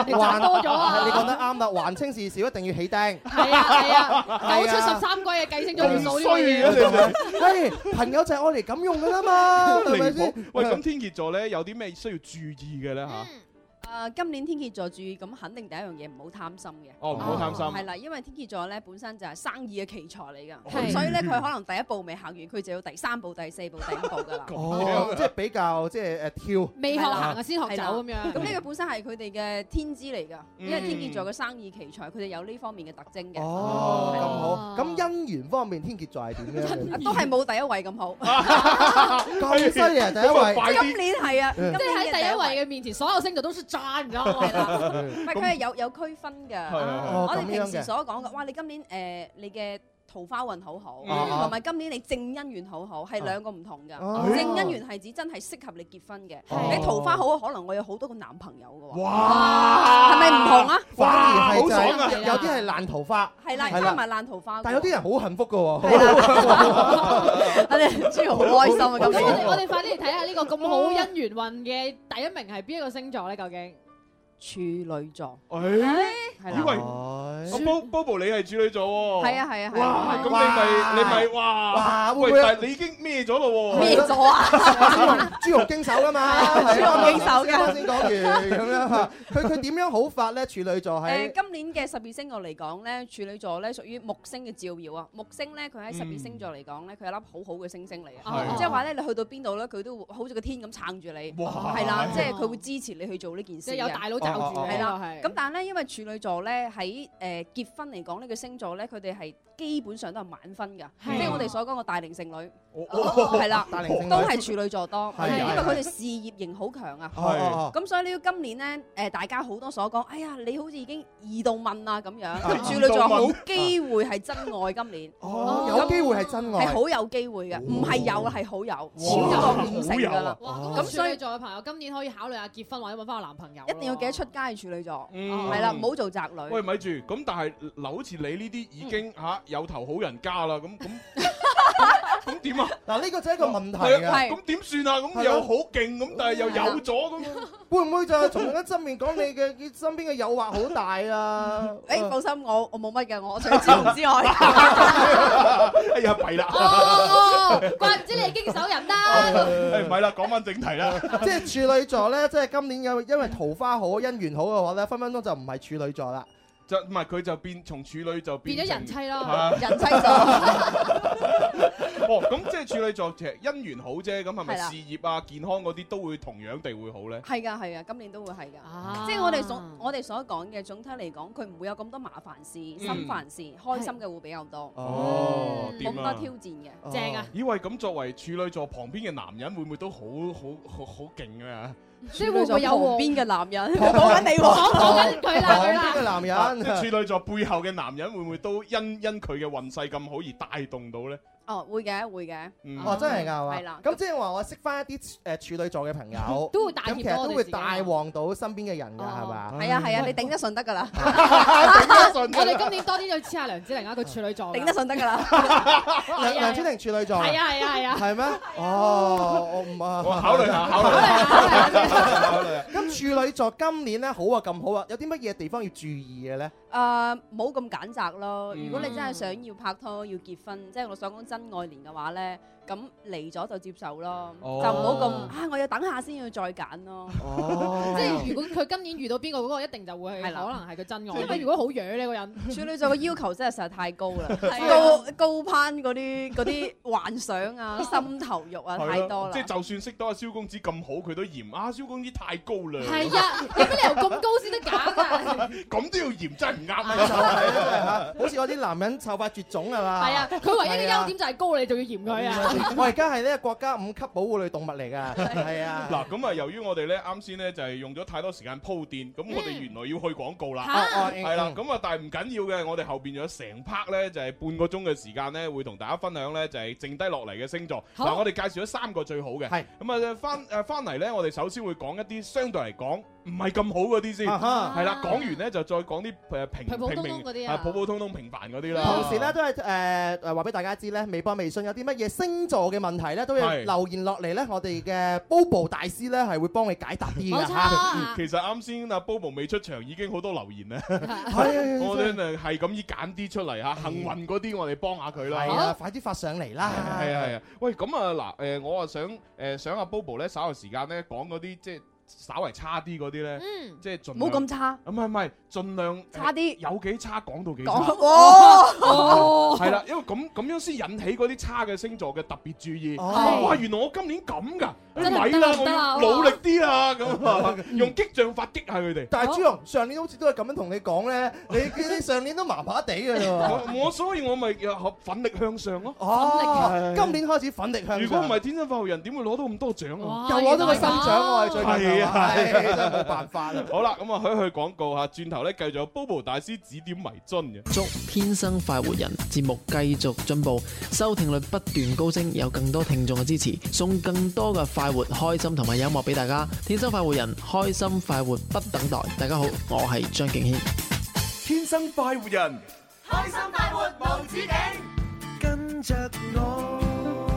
你，你賺多咗你講得啱啦，還清是。一定要起定，係啊係啊，九出十三歸啊，計清楚唔好呢啲嘢。係朋友就係愛嚟咁用噶啦嘛，係咪先？喂，咁天蠍座咧有啲咩需要注意嘅咧吓？誒，今年天蠍座注意，咁肯定第一樣嘢唔好貪心嘅。哦，唔好貪心。係啦，因為天蠍座咧本身就係生意嘅奇才嚟㗎，所以咧佢可能第一步未行完，佢就要第三步、第四步、第五步㗎啦。哦，即係比較即係誒跳。未學行啊，先學走咁樣。咁呢個本身係佢哋嘅天資嚟㗎，因為天蠍座嘅生意奇才，佢哋有呢方面嘅特徵嘅。哦，咁好。咁姻緣方面，天蠍座係點？都係冇第一位咁好。第一位。今年係啊，即係喺第一位嘅面前，所有星座都唔咗啦，唔係佢係有 [NOISE] 有區分嘅。 [NOISE] 對對對，我哋平時所講嘅，哇！你今年誒、呃，你嘅。桃花運好好，同埋今年你正姻緣好好，係兩個唔同嘅。正姻緣係指真係適合你結婚嘅，你桃花好可能我有好多個男朋友嘅喎。哇，係咪唔同啊？反而係好爽，有啲係爛桃花。係啦，有啲係爛桃花。但有啲人好幸福嘅喎。我哋啲人真係好開心啊！咁，我哋我哋快啲嚟睇下呢個咁好姻緣運嘅第一名係邊一個星座咧？究竟處女座。哎，以我 boo boo boo，你係處女座喎，係啊係啊係，哇！咁你咪你咪哇，喂！但係你已經咩咗咯喎，咩咗啊？豬肉經手啊嘛，豬肉經手嘅，先講完咁樣。佢佢點樣好法咧？處女座係誒今年嘅十二星座嚟講咧，處女座咧屬於木星嘅照耀啊。木星咧佢喺十二星座嚟講咧，佢係粒好好嘅星星嚟啊，即係話咧你去到邊度咧，佢都好似個天咁撐住你，係啦，即係佢會支持你去做呢件事，即係有大佬罩住，係啦，係。咁但係咧，因為處女座咧喺誒。結婚嚟講呢個星座咧，佢哋係基本上都係晚婚噶，即係我哋所講個大齡剩女，係啦，大齡都係處女座多，因為佢哋事業型好強啊，咁所以你要今年咧，誒大家好多所講，哎呀你好似已經二度問啦，咁樣，處女座好機會係真愛今年，有機會係真愛，係好有機會嘅，唔係有係好有，超過五成噶啦，咁所以在座嘅朋友今年可以考慮下結婚或者揾翻個男朋友，一定要記得出街處女座，係啦，唔好做宅女。喂，咪住咁但係，好似你呢啲已經吓有頭好人家啦，咁咁咁點啊？嗱，呢個就係個問題啊！咁點算啊？咁又好勁咁，但係又有咗咁，會唔會就係從側面講你嘅佢身邊嘅誘惑好大啊？誒，放心，我我冇乜嘅，我除咗之龍之外，哎呀，弊啦！哦，怪唔知你係經手人啦！誒，唔係啦，講翻正題啦，即係處女座咧，即係今年有因為桃花好、姻緣好嘅話咧，分分鐘就唔係處女座啦。就唔係佢就變從處女就變咗人妻咯，人妻就哦，咁即係處女座其實姻緣好啫，咁係咪事業啊、健康嗰啲都會同樣地會好咧？係㗎，係啊，今年都會係㗎。即係我哋所我哋所講嘅總體嚟講，佢唔會有咁多麻煩事、心煩事，開心嘅會比較多。哦，冇咁多挑戰嘅，正啊！以為咁作為處女座旁邊嘅男人，會唔會都好好好好勁㗎？即係會唔會有旁邊嘅男人？我講緊你，我講緊佢啦。旁邊嘅男人，即處女座背後嘅男人，會唔會都因因佢嘅運勢咁好而帶動到咧？哦，會嘅，會嘅。哦，真係㗎，係嘛？咁即係話我識翻一啲誒處女座嘅朋友，都會大，咁其實都會大旺到身邊嘅人㗎，係嘛？係啊，係啊，你頂得順得㗎啦！我哋今年多啲去黐下梁子玲啊，個處女座，頂得順得㗎啦！梁子玲處女座，係啊，係啊，係啊，係咩？哦，我唔啊，我考慮下，考慮下，考慮下。咁處女座今年咧，好啊，咁好啊，有啲乜嘢地方要注意嘅咧？誒冇咁揀擇咯，mm hmm. 如果你真係想要拍拖，要結婚，即係我想講真愛戀嘅話咧。咁嚟咗就接受咯，就唔好咁啊！我要等下先要再揀咯，即係如果佢今年遇到邊個嗰個一定就會係啦，可能係佢真愛。因為如果好樣呢個人，處女座嘅要求真係實在太高啦，高攀嗰啲啲幻想啊、心頭肉啊太多啦。即係就算識到阿蕭公子咁好，佢都嫌啊！蕭公子太高啦。係啊，點解你由咁高先得揀㗎？咁都要嫌真係唔啱，好似嗰啲男人臭髮絕種係嘛？係啊，佢唯一嘅優點就係高，你仲要嫌佢啊？我而家係呢個國家五級保護類動物嚟㗎，係啊！嗱咁啊，由於我哋咧啱先咧就係、是、用咗太多時間鋪墊，咁我哋原來要去廣告啦，係啦、嗯。咁啊，啊啊啊嗯、但係唔緊要嘅，我哋後邊有成 part 咧就係、是、半個鐘嘅時，時間咧，會同大家分享咧就係、是、剩低落嚟嘅星座。嗱、啊，我哋介紹咗三個最好嘅，係咁啊，翻誒翻嚟咧，我哋首先會講一啲相對嚟講。唔係咁好嗰啲先，係啦。講完咧就再講啲平平平嗰啲啊，普普通通平凡嗰啲啦。同時咧都係誒誒話俾大家知咧，微博、微信有啲乜嘢星座嘅問題咧，都有留言落嚟咧。我哋嘅 BoBo 大師咧係會幫你解答啲嘅。其實啱先阿 BoBo 未出場已經好多留言啦。我咧係咁易揀啲出嚟嚇，幸運嗰啲我哋幫下佢啦。係啊，快啲發上嚟啦。係啊係啊。喂，咁啊嗱誒，我啊想誒想阿 BoBo 咧，稍後時間咧講嗰啲即係。稍為差啲嗰啲咧，即係盡量唔好咁差。咁唔係唔係，儘量差啲，有幾差講到幾差。哦，係啦，因為咁咁樣先引起嗰啲差嘅星座嘅特別注意。哇，原來我今年咁㗎，咪啦，努力啲啊！咁用激將法激下佢哋。但係朱雄上年好似都係咁樣同你講咧，你你上年都麻麻地嘅！我所以我咪又奮力向上咯。哦，今年開始奮力向上。如果唔係天生快活人，點會攞到咁多獎又攞到個新獎最冇辦法啦。 [LAUGHS] 好啦，咁啊，可以去廣告吓，轉頭咧繼續有 Bobo 大師指點迷津嘅，祝天生快活人節目繼續進步，收聽率不斷高升，有更多聽眾嘅支持，送更多嘅快活、開心同埋音樂俾大家。天生快活人，開心快活不等待。大家好，我係張敬軒。天生快活人，開心快活無止境，跟着我。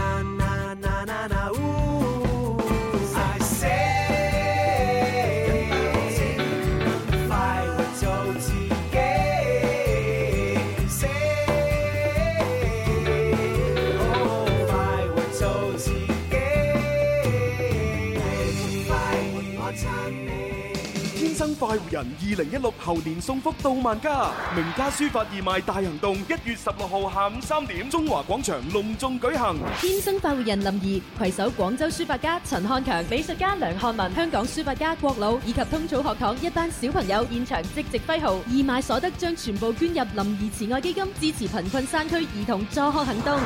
天生快活人二零一六猴年送福到萬家，名家書法義賣大行動一月十六號下午三點，中華廣場隆重舉行。天生快活人林怡攜手廣州書法家陳漢強、美術家梁漢文、香港書法家郭老以及通草學堂一班小朋友現場即席揮毫，義賣所得將全部捐入林怡慈愛基金，支持貧困山區兒童助學行動。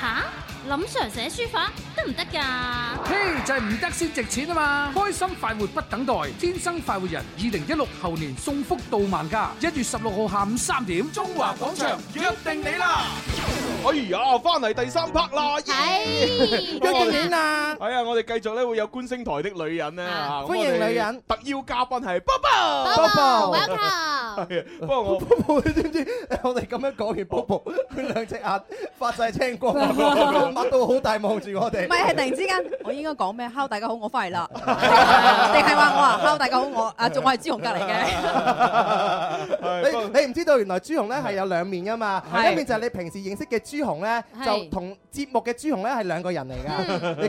吓、啊，林 Sir 寫書法？唔得噶，嘿，就係唔得先值錢啊嘛！開心快活不等待，天生快活人。二零一六猴年送福到萬家，一月十六號下午三點，中華廣場約定你啦！哎呀，翻嚟第三 part 啦，睇，究竟點啊？係啊，我哋繼續咧會有觀星台的女人咧，歡迎女人，特邀嘉賓係 Bobo，Bobo，Michael，係，不過我，Bobo 你知唔知？我哋咁樣講完 Bobo，佢兩隻眼發晒青光，擘到好大望住我哋。係突然之間，我應該講咩？Hello，大家好，我翻嚟啦。定係話我啊，Hello，大家好，我啊，仲我係朱紅隔籬嘅。你唔知道原來朱紅咧係有兩面噶嘛？一面就係你平時認識嘅朱紅咧，就同節目嘅朱紅咧係兩個人嚟噶。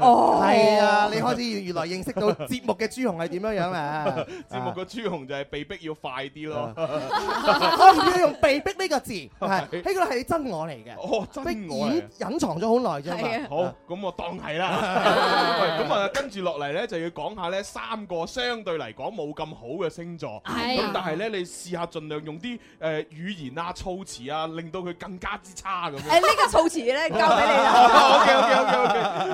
哦，係啊，你開始原來認識到節目嘅朱紅係點樣樣啦。節目嘅朱紅就係被逼要快啲咯。我唔要用被逼呢個字，係呢個係真我嚟嘅。哦，真我啊，隱藏咗好耐啫。好，咁我當係。啦，咁啊，跟住落嚟咧就要講下咧三個相對嚟講冇咁好嘅星座，咁但係咧你試下盡量用啲誒語言啊措辭啊，令到佢更加之差咁。誒，呢個措辭咧交俾你啦。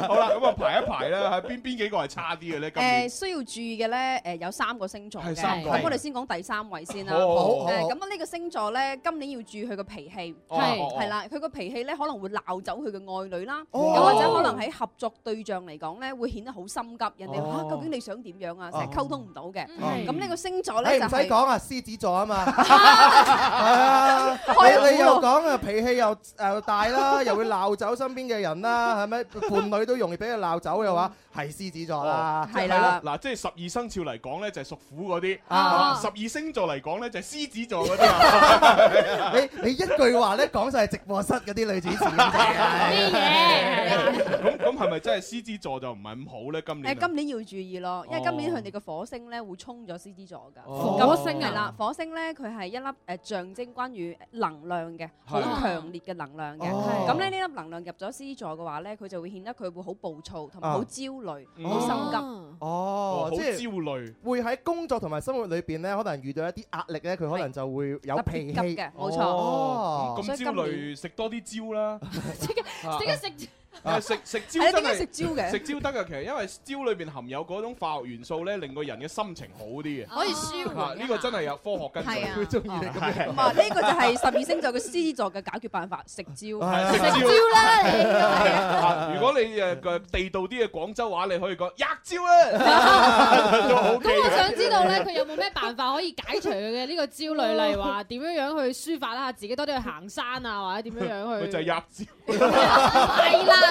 好啦，咁啊排一排咧，係邊邊幾個係差啲嘅咧？誒，需要注意嘅咧，誒有三個星座係三個，咁我哋先講第三位先啦。好，咁啊呢個星座咧，今年要注意佢嘅脾氣，係啦，佢個脾氣咧可能會鬧走佢嘅愛女啦，又或者可能喺合作對象嚟講咧，會顯得好心急，人哋啊，究竟你想點樣啊？成日溝通唔到嘅。咁呢個星座咧就唔使講啊，獅子座啊嘛。係啊，你你又講啊，脾氣又又大啦，又會鬧走身邊嘅人啦，係咪伴侶都容易俾佢鬧走嘅話，係獅子座啦。係啦，嗱，即係十二生肖嚟講咧，就係屬虎嗰啲。啊，十二星座嚟講咧，就係獅子座嗰啲。你你一句話咧，講晒係直播室嗰啲女子。啲嘢。咁咁係。咪真係獅子座就唔係咁好咧，今年誒今年要注意咯，因為今年佢哋個火星咧會沖咗獅子座噶，火星係啦，火星咧佢係一粒誒象徵關於能量嘅，好強烈嘅能量嘅。咁咧呢粒能量入咗獅子座嘅話咧，佢就會顯得佢會好暴躁，同埋好焦慮，好心急。哦，即係焦慮，會喺工作同埋生活裏邊咧，可能遇到一啲壓力咧，佢可能就會有脾氣嘅，冇錯。咁焦慮，食多啲蕉啦。即刻，即刻食。啊！食食蕉真係食蕉得嘅，其實因為蕉裏邊含有嗰種化學元素咧，令個人嘅心情好啲嘅。可以舒緩啊！呢個真係有科學嘅。係中意咁啊，呢個就係十二星座嘅獅座嘅解決辦法，食蕉，食蕉啦！如果你誒地道啲嘅廣州話，你可以講吔蕉啦。咁我想知道咧，佢有冇咩辦法可以解除佢嘅呢個焦慮？例如話點樣樣去抒發啦，自己多啲去行山啊，或者點樣樣去？佢就係吔蕉。係啦。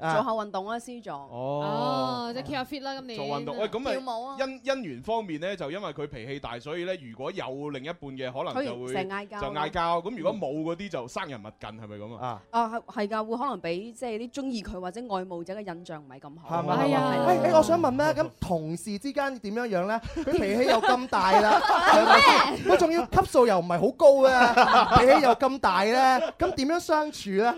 做下運動啦，C 座哦，即係 keep 下 fit 啦，今年做運動喂咁啊，姻姻緣方面咧，就因為佢脾氣大，所以咧如果有另一半嘅可能就會成嗌交就嗌交，咁如果冇嗰啲就生人勿近，係咪咁啊？啊啊係係㗎，會可能俾即係啲中意佢或者愛慕者嘅印象唔係咁好。係咪？係啊，誒，我想問咧，咁同事之間點樣樣咧？佢脾氣又咁大啦，佢仲要級數又唔係好高啊，脾氣又咁大咧，咁點樣相處咧？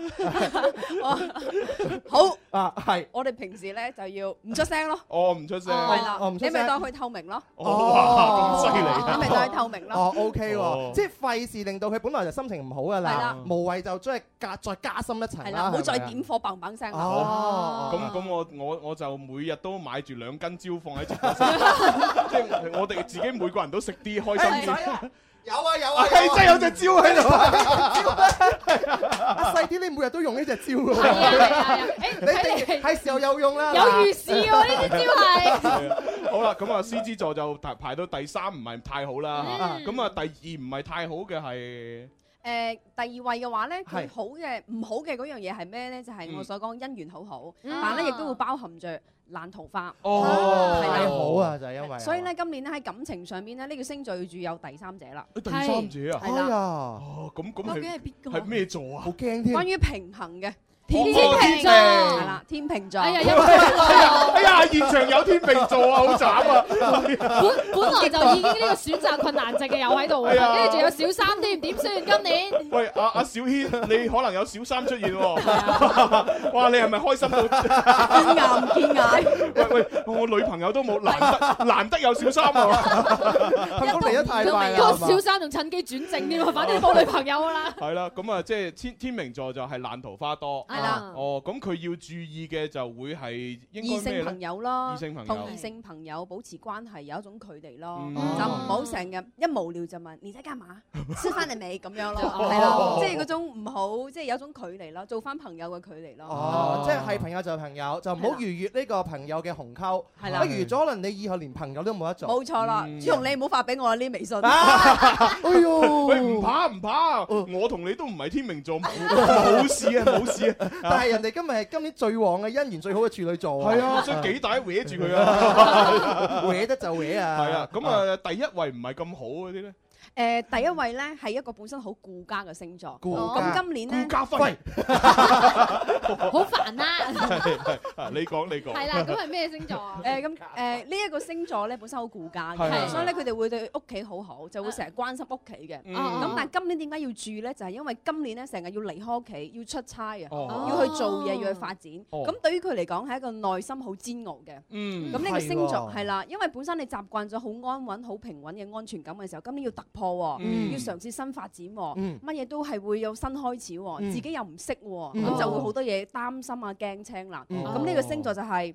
好。啊，係！我哋平時咧就要唔出聲咯，我唔出聲，係啦，我唔出聲，你咪當佢透明咯，哦，咁犀利，你咪當佢透明咯，哦，OK，即係費事令到佢本來就心情唔好噶啦，係啦，無謂就即係加再加深一層啦，唔好再點火棒棒聲，哦，咁咁我我我就每日都買住兩斤蕉放喺度，即係我哋自己每個人都食啲開心啲。有啊有啊，係、啊啊、真係有隻招喺度。阿細啲，啊、你每日都用呢隻招嘅喎。係 [LAUGHS] 啊，啊，啊、欸、你係時候有用啦。你吧有預示喎，呢隻 [LAUGHS] 招係 [LAUGHS] 。好啦，咁啊，獅子座就排排到第三，唔係太好啦嚇。咁啊、嗯，第二唔係太好嘅係。誒、嗯，第二位嘅話咧，佢好嘅、唔好嘅嗰樣嘢係咩咧？就係、是、我所講姻緣好好，嗯、但係咧亦都會包含着。爛桃花哦，係的好啊，就係因為的所以咧，的今年咧喺感情上邊咧，呢個星座要住有第三者啦、哎。第三者啊，係啦的，咁咁究竟係邊個係咩座啊？好驚添。關於平衡嘅。天秤座係啦，天秤座。哎呀，哎呀，現場有天秤座啊，好慘啊！本本來就已經呢個選擇困難症嘅有喺度，跟住仲有小三添，點算？今年？喂，阿阿小軒，你可能有小三出現喎。哇，你係咪開心到？天硬天矮。喂喂，我女朋友都冇，難得難得有小三啊！一嚟得太快啦。小三仲趁機轉正添，反正冇女朋友啦。係啦，咁啊，即係天天秤座就係爛桃花多。係啦，哦，咁佢要注意嘅就會係異性朋友咯，同異性朋友保持關係有一種距離咯，就唔好成日一無聊就問你喺度做咩啊？出翻嚟未？咁樣咯，係咯，即係嗰種唔好，即係有一種距離咯，做翻朋友嘅距離咯，即係係朋友就係朋友，就唔好逾越呢個朋友嘅鴻溝，不逾咗，可能你以後連朋友都冇得做。冇錯啦，朱紅，你唔好發俾我呢啲微信。哎呦，喂，唔怕唔怕，我同你都唔係天蠍座，冇事啊，冇事啊。 [LAUGHS] 但係人哋今日係今年最旺嘅姻緣最好嘅處女座，係啊，我想 [LAUGHS] 幾大搲住佢啊，搲 [LAUGHS] [LAUGHS] 得就搲啊。係啊，咁啊， [LAUGHS] 第一位唔係咁好嗰啲咧。誒，第一位咧，係一個本身好顧家嘅星座，咁今年咧，顧家輝，好煩啊！你講你講。係啦，咁係咩星座啊？咁誒呢一個星座咧，本身好顧家嘅。所以咧，佢哋會對屋企好好，就會成日關心屋企嘅。咁但係今年點解要注意咧？就係因為今年咧，成日要離開屋企，要出差啊，要去做嘢，要去發展。咁對於佢嚟講係一個內心好煎熬嘅。嗯。咁呢個星座係啦，因為本身你習慣咗好安穩、好平穩嘅安全感嘅時候，今年要突。破喎，要嘗試新發展喎，乜嘢都係會有新開始喎，自己又唔識喎，咁就會好多嘢擔心啊，驚青啦。咁呢個星座就係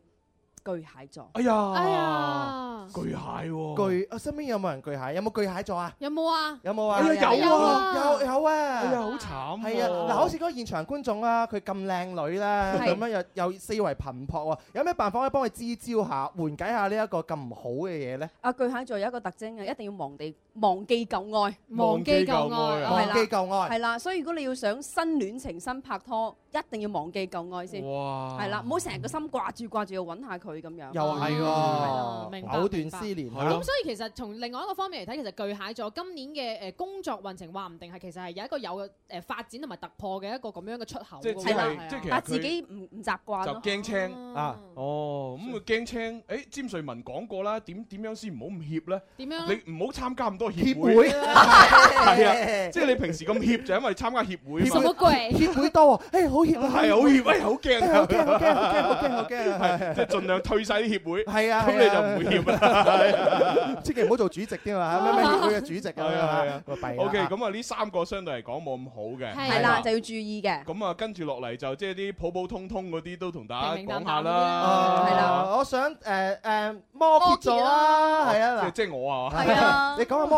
巨蟹座。哎呀，哎呀，巨蟹喎，巨啊，身邊有冇人巨蟹？有冇巨蟹座啊？有冇啊？有冇啊？有啊，有有啊。哎呀，好慘。係啊，嗱，好似嗰個現場觀眾啦，佢咁靚女啦，咁樣又又四圍頻撲啊，有咩辦法可以幫佢支招下，緩解下呢一個咁唔好嘅嘢咧？啊，巨蟹座有一個特徵啊，一定要忙啲。忘記舊愛，忘記舊愛，忘記舊愛，係啦，所以如果你要想新戀情新拍拖，一定要忘記舊愛先，係啦，唔好成個心掛住掛住要揾下佢咁樣，又係喎，唔好藕斷絲連。咁所以其實從另外一個方面嚟睇，其實巨蟹座今年嘅誒工作運程話唔定係其實係有一個有誒發展同埋突破嘅一個咁樣嘅出口，但係自己唔唔習慣咯，就驚青啊，哦，咁佢驚青，誒詹瑞文講過啦，點點樣先唔好咁怯咧？點樣？你唔好參加咁多。協會係啊，即係你平時咁協就因為參加協會，協會多，誒好協，係好協，喂好驚啊！好驚，好驚，好驚，好驚！即係盡量退晒啲協會，係啊，咁你就唔會協啦。千祈唔好做主席添啊！咩咩協會嘅主席啊？係啊，係啊，OK。咁啊，呢三個相對嚟講冇咁好嘅，係啦，就要注意嘅。咁啊，跟住落嚟就即係啲普普通通嗰啲都同大家講下啦。係啦，我想誒誒摩羯座啦，係啊嗱，即係我啊，係啊，你講下摩。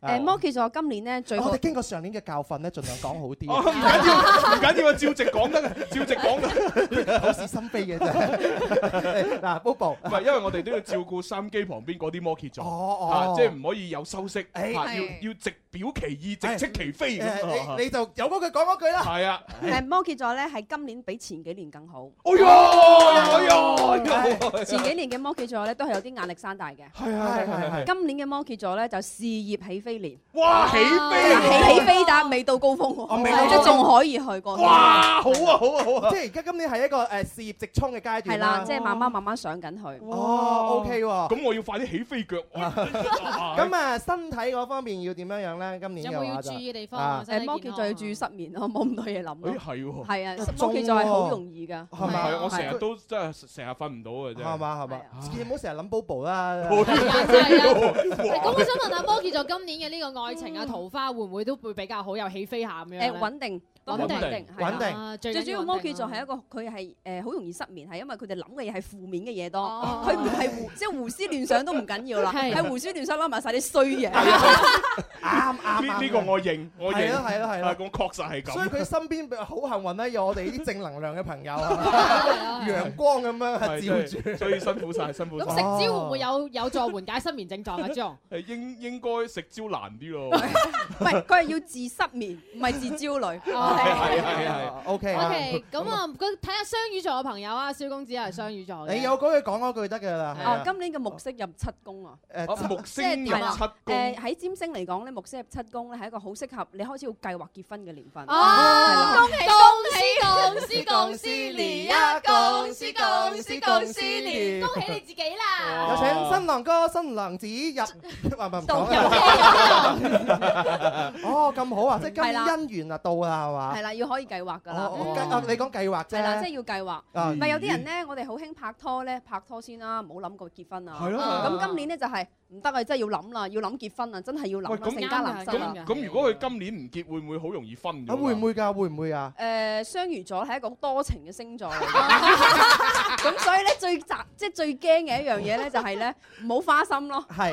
誒，摩羯座今年咧，最好，我哋經過上年嘅教訓咧，盡量講好啲。唔緊要，唔緊要，照直講得嘅，照直講嘅，口是心非嘅啫。嗱，Bobo，唔係，因為我哋都要照顧三機旁邊嗰啲摩羯座，啊，即係唔可以有修飾，要要直表其意，直斥其非。你你就有嗰句講嗰句啦。係啊。誒，摩羯座咧係今年比前幾年更好。哎呀，哎呀，前幾年嘅摩羯座咧都係有啲壓力山大嘅。係係係係。今年嘅摩羯座咧就事業起飛廉，哇起飛！起飛但未到高峰喎，即仲可以去過。哇好啊好啊好啊！即而家今年係一個誒事業直衝嘅階段，係啦，即慢慢慢慢上緊去。哇 OK 喎，咁我要快啲起飛腳哇！咁啊身體嗰方面要點樣樣咧？今年有冇要注意地方？誒摩羯座要注意失眠咯，冇咁多嘢諗。誒係喎，係啊摩羯座係好容易㗎。係咪啊？我成日都真係成日瞓唔到嘅啫。係嘛係嘛，你唔好成日諗 bobo 啦。咁我想問下摩羯座今年？嘅呢個愛情啊，嗯、桃花會唔會都會比較好，有起飛下咁樣咧？誒，穩定。穩定，穩定。最主要摩羯座係一個佢係誒好容易失眠，係因為佢哋諗嘅嘢係負面嘅嘢多。佢唔係即係胡思亂想都唔緊要啦，係胡思亂想諗埋晒啲衰嘢。啱啱呢個我認，我認。係咯係咯係咯，確實係咁。所以佢身邊好幸運咧，有我哋啲正能量嘅朋友啊，陽光咁樣照住，最辛苦晒。辛苦。咁食蕉會唔會有有助緩解失眠症狀啊？Joan？誒，應應該食蕉難啲咯。唔係，佢係要治失眠，唔係治焦慮。係啊係啊，OK OK，咁啊，佢睇下雙魚座嘅朋友啊，蕭公子係雙魚座嘅。你有嗰句講嗰句得嘅啦。哦，今年嘅木星入七宮啊。誒，木星入七宮。誒，喺占星嚟講咧，木星入七宮咧係一個好適合你開始要計劃結婚嘅年份。哦，恭喜恭喜恭喜恭喜你啊！恭喜恭喜恭喜你！恭喜你自己啦！有請新郎哥、新娘子入。到入。哦，咁好啊！即係今姻緣啊，到啦，係嘛？係啦，要可以計劃㗎啦。哦，你講計劃啫。係啦，即係要計劃。咪有啲人呢，我哋好興拍拖呢，拍拖先啦，唔好諗過結婚啊。咁今年呢，就係。唔得啊！真係要諗啦，要諗結婚啊！真係要諗啊！成家立室啦！咁咁如果佢今年唔結，會唔會好容易分㗎？會唔會㗎？會唔會啊？誒雙魚座係一個多情嘅星座，咁所以咧最煩即係最驚嘅一樣嘢咧就係咧唔好花心咯。係，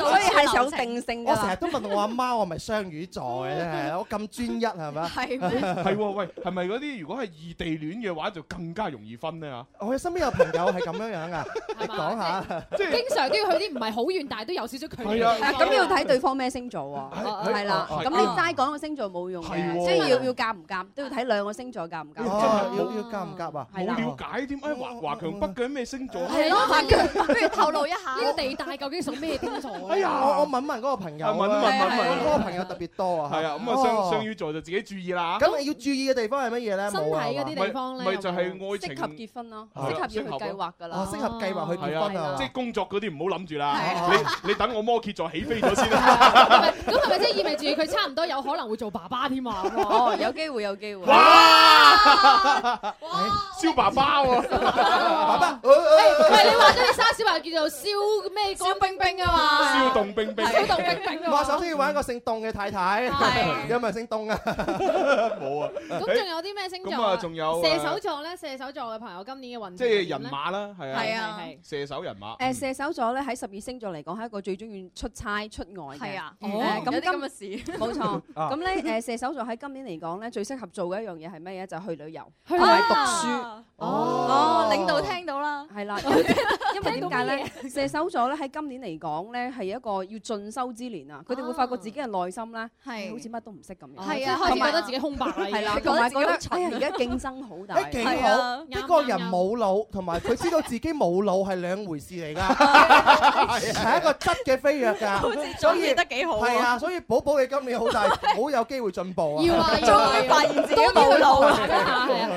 所以係有定性㗎。我成日都問我阿媽，我咪雙魚座嘅，我咁專一係咪啊？係喎，喂，係咪嗰啲如果係異地戀嘅話，就更加容易分咧嚇？我身邊有朋友係咁樣樣㗎，你講下，即係經常都要去啲唔係。好遠，但係都有少少距離。咁要睇對方咩星座喎？係啦，咁你齋講個星座冇用嘅，所以要要夾唔夾都要睇兩個星座夾唔夾。真係要要夾唔夾啊？好了解添，華華強北嘅咩星座？係咯，不如透露一下呢個地帶究竟屬咩星座？哎呀，我我問問嗰個朋友。問問問問，嗰個朋友特別多啊。係啊，咁啊雙雙魚座就自己注意啦。咁要注意嘅地方係乜嘢咧？身體嗰啲地方咧，咪就係愛情。適合結婚咯，適合要去計劃㗎啦。適合計劃去結婚啦。係啊，即係工作嗰啲唔好諗住啦。你你等我摩羯座起飛咗先啦。咁係咪即係意味住佢差唔多有可能會做爸爸添啊？哦，有機會有機會。哇！哇！燒爸爸喎。唔係你話咗你沙小華叫做燒咩？燒冰冰啊嘛。燒凍冰冰。燒凍冰冰喎。哇！首先要揾一個姓凍嘅太太。係。有冇人姓凍啊？冇啊。咁仲有啲咩星座？咁啊，仲有。射手座咧，射手座嘅朋友今年嘅運。即係人馬啦，係啊。係啊係。射手人馬。誒，射手座咧喺十二星座星座嚟講係一個最中意出差出外嘅。係啊，有啲咁嘅事。冇錯。咁咧，誒射手座喺今年嚟講咧，最適合做嘅一樣嘢係咩咧？就係去旅遊，去讀書。哦，領導聽到啦。係啦，因為點解咧？射手座咧喺今年嚟講咧係一個要進修之年啊！佢哋會發覺自己嘅內心咧，係好似乜都唔識咁樣，係啊，覺得自己空白。係啦，同埋覺得而家競爭好大。啲勁好，一個人冇腦，同埋佢知道自己冇腦係兩回事嚟㗎。係一個質嘅飛躍㗎，所以做得幾好。係啊，所以寶寶你今年好大，好有機會進步啊！要啊，終於發現自己唔會老啊！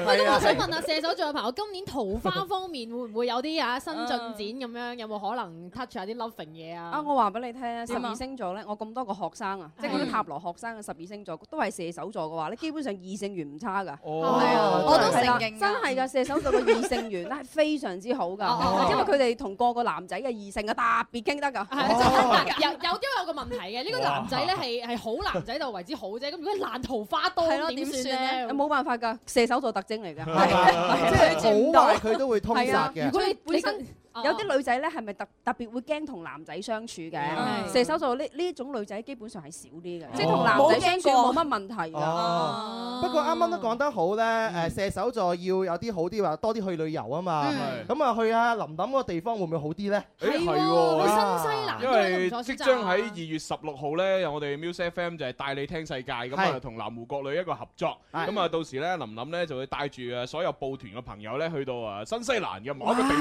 喂，咁我想問下射手座嘅朋友，今年桃花方面會唔會有啲啊新進展咁樣？有冇可能 touch 下啲 loving 嘢啊？啊，我話俾你聽，十二星座咧，我咁多個學生啊，即係啲塔羅學生嘅十二星座都係射手座嘅話咧，基本上異性緣唔差㗎。哦，我都承認真係㗎，射手座嘅異性緣係非常之好㗎，因為佢哋同個個男仔嘅異性嘅搭。別驚得㗎、哦哦哦哦，有有啲有個問題嘅，呢哇、哦、個男仔咧係係好男仔就為之好啫，咁如果爛桃花都係囉點算咧？冇、嗯啊、辦，辦法㗎，射手座特徵嚟㗎， [LAUGHS] [LAUGHS] [LAUGHS] 即係好壞佢都會通殺嘅、 [LAUGHS] 啊。如果你本身有啲女仔咧，係咪特特別會驚同男仔相處嘅？射手座呢呢種女仔基本上係少啲嘅，即係同男仔相處冇乜問題㗎。不過啱啱都講得好咧，誒射手座要有啲好啲，話多啲去旅遊啊嘛。咁啊去啊林林嗰個地方會唔會好啲咧？誒係喎，去新西蘭，因為即將喺二月十六號咧，由我哋 Music FM 就係帶你聽世界咁啊，同南湖國旅一個合作。咁啊到時咧林林咧就會帶住啊所有報團嘅朋友咧去到啊新西蘭嘅某一個地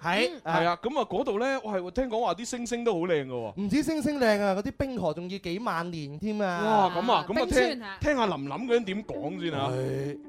方。係、uh, 啊，咁啊嗰度咧，我係會聽講話啲星星都好靚㗎喎。唔止星星靚啊，嗰啲冰河仲要幾萬年添啊。哇，咁啊，咁啊，嗯、聽下聽，聽下琳琳嗰啲點講先啊。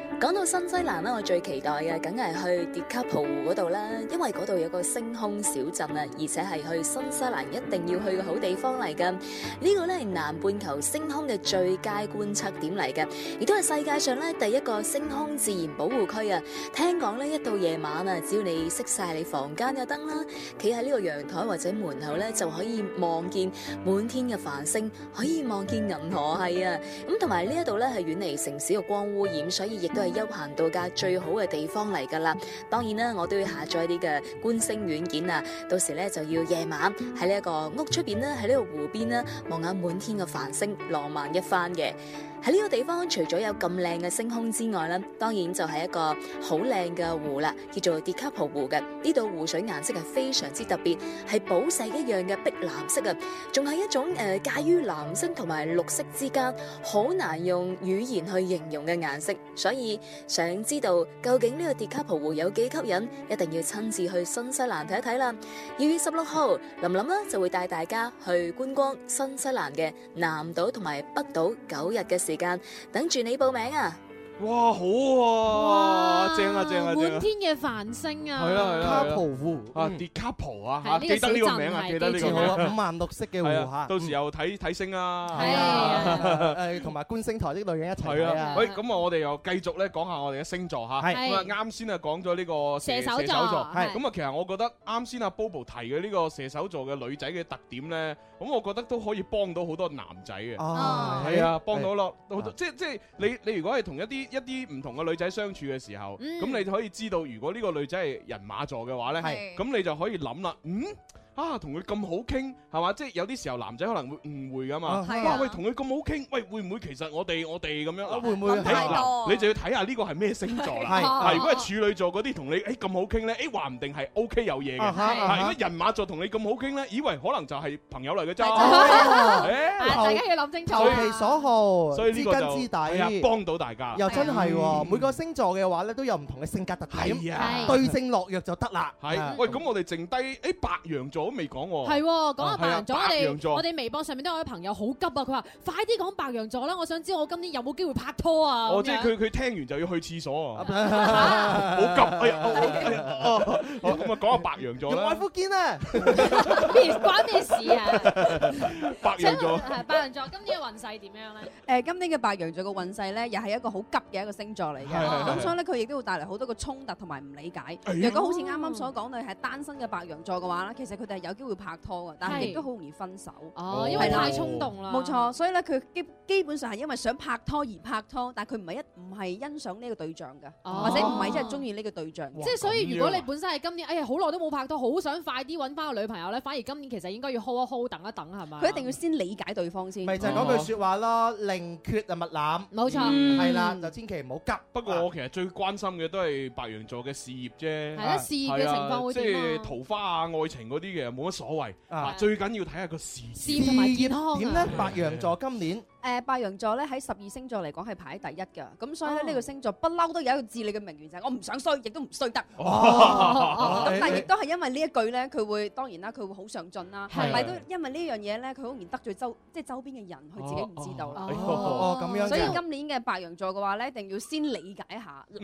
講到新西蘭咧，我最期待嘅梗係去迪卡普湖嗰度啦，因為嗰度有個星空小鎮啊，而且係去新西蘭一定要去嘅好地方嚟噶。呢個咧係南半球星空嘅最佳觀測點嚟噶，亦都係世界上咧第一個星空自然保護區啊。聽講咧，一到夜晚啊，只要你熄晒你房間嘅燈啦，企喺呢個陽台或者門口咧，就可以望見滿天嘅繁星，可以望見銀河系啊。咁同埋呢一度咧係遠離城市嘅光污染，所以亦都係。休閒度假最好嘅地方嚟噶啦，當然啦，我都要下載啲嘅觀星軟件啊，到時咧就要夜晚喺呢一個屋出面咧，喺呢個湖邊咧望下滿天嘅繁星，浪漫一番嘅。喺呢個地方除咗有咁靚嘅星空之外咧，當然就係一個好靚嘅湖啦，叫做迪卡普湖嘅。呢度湖水顏色係非常之特別，係寶石一樣嘅碧藍色啊，仲係一種誒，介於藍色同埋綠色之間，好難用語言去形容嘅顏色。所以想知道究竟呢個迪卡普湖有幾吸引，一定要親自去新西蘭睇一睇啦。二月十六號，琳琳咧就會帶大家去觀光新西蘭嘅南島同埋北島九日嘅。時間等住你報名啊！哇，好啊，哇，正啊，正啊，正！滿天嘅繁星啊，couple 啊，couple 啊，吓，記得呢個名啊，記得呢個名。五萬綠色嘅湖下，到時又睇睇星啦。係，誒，同埋觀星台啲女人一齊。係啊，喂，咁啊，我哋又繼續咧講下我哋嘅星座吓。咁啊，啱先啊，講咗呢個射手座。係，咁啊，其實我覺得啱先阿 Bobo 提嘅呢個射手座嘅女仔嘅特點咧。咁我覺得都可以幫到好多男仔嘅。係啊，幫到咯，即即係你你如果係同一啲一啲唔同嘅女仔相處嘅時候，咁、嗯、你可以知道如果呢個女仔係人馬座嘅話咧，咁係你就可以諗啦，嗯。啊，同佢咁好傾，係嘛？即係有啲時候男仔可能會誤會㗎嘛。哇，喂，同佢咁好傾，喂，會唔會其實我哋我哋咁樣？會唔會睇？嗱，你就要睇下呢個係咩星座啦。係，如果係處女座嗰啲同你誒咁好傾咧，誒話唔定係 OK 有嘢嘅。係，如果人馬座同你咁好傾咧，以為可能就係朋友嚟嘅啫。係，大家要諗清楚。其所好，知根知底，幫到大家。又真係喎，每個星座嘅話咧都有唔同嘅性格特點。係啊，對症落藥就得啦。係，喂，咁我哋剩低誒白羊座。我都未講喎，係講下白羊座我哋，我哋微博上面都有位朋友好急啊！佢話：快啲講白羊座啦，我想知我今年有冇機會拍拖啊！我知佢佢聽完就要去廁所啊！好急，呀，咁啊講下白羊座啦。用愛撫堅啊！關咩事啊！白羊座，白羊座今年嘅運勢點樣咧？誒，今年嘅白羊座嘅運勢咧，又係一個好急嘅一個星座嚟嘅，咁所以咧佢亦都會帶嚟好多個衝突同埋唔理解。若果好似啱啱所講嘅係單身嘅白羊座嘅話咧，其實佢。有機會拍拖㗎，但係亦都好容易分手。哦，因為太衝動啦。冇錯，所以咧佢基基本上係因為想拍拖而拍拖，但係佢唔係一唔係欣賞呢個對象㗎，或者唔係真係中意呢個對象。即係所以，如果你本身係今年，哎呀，好耐都冇拍拖，好想快啲揾翻個女朋友咧，反而今年其實應該要 hold 一 hold，等一等係嘛？佢一定要先理解對方先。咪就係嗰句説話咯，寧缺就勿濫。冇錯，係啦，就千祈唔好急。不過我其實最關心嘅都係白羊座嘅事業啫。係啊，事業嘅情況好即係桃花啊、愛情啲嘅。冇乜所謂，啊、最緊要睇下個時機。同埋健康，點時、啊、呢？白羊座今年？ [LAUGHS] [LAUGHS] 誒白羊座咧喺十二星座嚟講係排第一㗎，咁所以咧呢個星座不嬲都有一個至理嘅名言就係我唔想衰，亦都唔衰得。但係亦都係因為呢一句咧，佢會當然啦，佢會好上進啦，係咪？都因為呢樣嘢咧，佢好易得罪周即係周邊嘅人，佢自己唔知道啦。所以今年嘅白羊座嘅話咧，一定要先理解下隔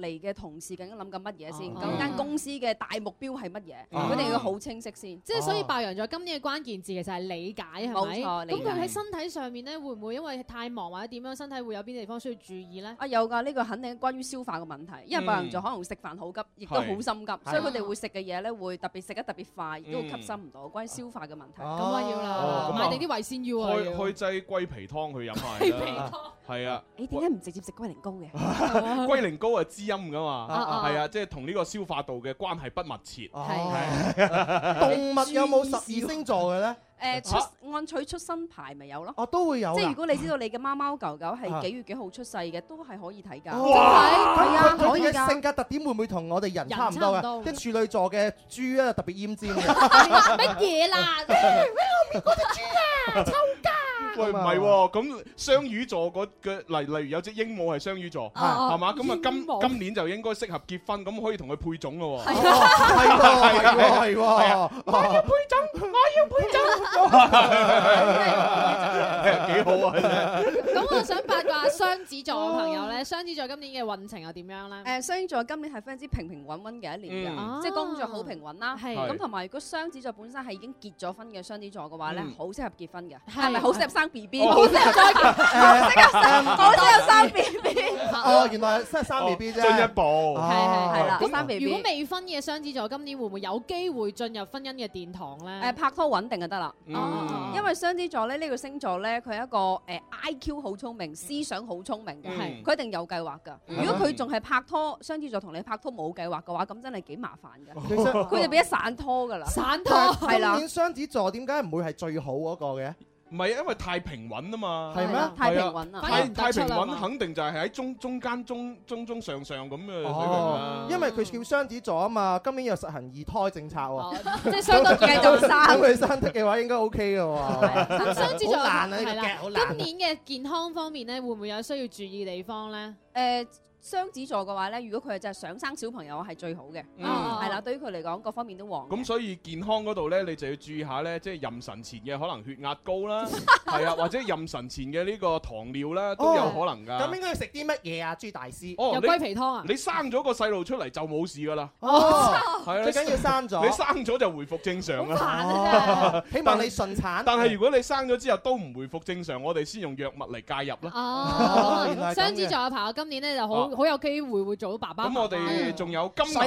離嘅同事究竟諗緊乜嘢先，咁間公司嘅大目標係乜嘢，佢哋要好清晰先。即係所以白羊座今年嘅關鍵字其實係理解係咪？冇錯。咁佢喺身體上面咧會。會因為太忙或者點樣身體會有邊啲地方需要注意咧？啊有㗎，呢個肯定關於消化嘅問題。因為白羊座可能食飯好急，亦都好心急，所以佢哋會食嘅嘢咧會特別食得特別快，亦都吸收唔到。關於消化嘅問題，咁啊要啦，買定啲胃先要啊。開開劑龜皮湯去飲下。龜皮湯係啊。你點解唔直接食龜苓膏嘅？龜苓膏係滋陰㗎嘛，係啊，即係同呢個消化道嘅關係不密切。係係。動物有冇十二星座嘅咧？誒出按取出生牌咪有咯。哦，都會有，即係如果你知道你嘅貓貓狗狗係幾月幾號出世嘅，都係可以睇㗎。真係？係啊，可以㗎。性格特點會唔會同我哋人差唔多㗎？啲處女座嘅豬啊，特別奄尖嘅。乜嘢啦！喂喂，我邊個係豬啊？喂，唔係喎，咁雙魚座嗰個，例例如有隻鸚鵡係雙魚座，係嘛？咁啊今今年就應該適合結婚，咁可以同佢配種咯。係係係。我要配種，我要配種。係係係。幾好啊！咁我想八卦雙子座嘅朋友咧，雙子座今年嘅運程又點樣咧？誒，雙子座今年係非常之平平穩穩嘅一年㗎，即係工作好平穩啦。係咁同埋，如果雙子座本身係已經結咗婚嘅雙子座嘅話咧，好適合結婚嘅，係咪好適合生？B B，我都有生，我都有生 B B。哦，原來真係生 B B 啫。進一步，係係啦。咁如果未婚嘅雙子座今年會唔會有機會進入婚姻嘅殿堂咧？誒，拍拖穩定就得啦。哦，因為雙子座咧呢個星座咧，佢係一個誒 I Q 好聰明，思想好聰明，係佢一定有計劃噶。如果佢仲係拍拖，雙子座同你拍拖冇計劃嘅話，咁真係幾麻煩噶。佢哋俾一散拖噶啦。散拖係啦。今年雙子座點解唔會係最好嗰個嘅？唔係，因為太平穩啊嘛。係咩？太平穩啊！太平穩肯定就係喺中中間中中中上上咁嘅水平啦。因為佢叫雙子座啊嘛，今年又實行二胎政策喎。即係雙子繼續生佢生得嘅話，應該 OK 嘅喎。雙子座好難啊！今年嘅健康方面咧，會唔會有需要注意地方咧？誒。雙子座嘅話咧，如果佢係就係想生小朋友，係最好嘅，係啦。對於佢嚟講，各方面都旺。咁所以健康嗰度咧，你就要注意下咧，即係妊娠前嘅可能血壓高啦，係啊，或者妊娠前嘅呢個糖尿啦，都有可能㗎。咁應該要食啲乜嘢啊，朱大師？有雞皮湯啊？你生咗個細路出嚟就冇事㗎啦。哦，係啦，最緊要生咗。你生咗就回復正常啊。好慘啊真。希望你順產。但係如果你生咗之後都唔回復正常，我哋先用藥物嚟介入啦。哦，雙子座嘅排我今年咧就好。好有機會會做到爸爸。咁，我哋仲有金牛，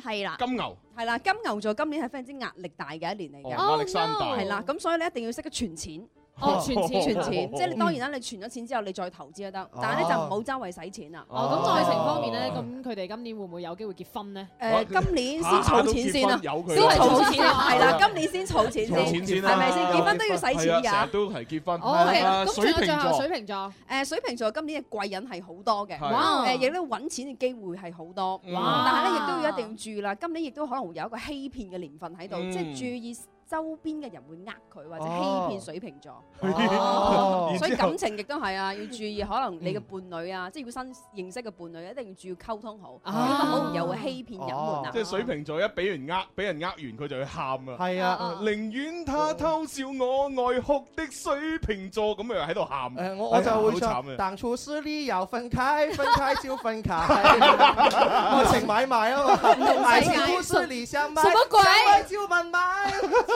係啦牛，金牛係啦，金牛座今年係非常之壓力大嘅一年嚟㗎，壓力山大係啦，咁所以你一定要識得存錢。哦，存錢存錢，即係你當然啦，你存咗錢之後，你再投資都得，但係咧就唔好周圍使錢啦。哦，咁愛情方面咧，咁佢哋今年會唔會有機會結婚咧？誒，今年先儲錢先啊，先儲錢啊，係啦，今年先儲錢先，儲錢先啊，係咪先？結婚都要使錢㗎。都係結婚。哦，咁最最後水瓶座，誒水瓶座今年嘅貴人係好多嘅，亦都揾錢嘅機會係好多。但係咧亦都要一定要注意啦，今年亦都可能會有一個欺騙嘅年份喺度，即係注意。周邊嘅人會呃佢或者欺騙水瓶座，哦 [LAUGHS] 啊、所以感情亦都係啊，要注意可能你嘅伴侶啊，即係如果新認識嘅伴侶，一定要注意溝通好，好唔又會欺騙人們啊！啊啊即係水瓶座一俾人呃，俾人呃完佢就會喊啊！係啊，寧願他偷笑我愛哭的水瓶座，咁又喺度喊。誒、欸、我我就會錯。當初是你要分開，分開就分開，愛情買賣啊嘛！愛情故賣，照分賣。 [LAUGHS] 鬼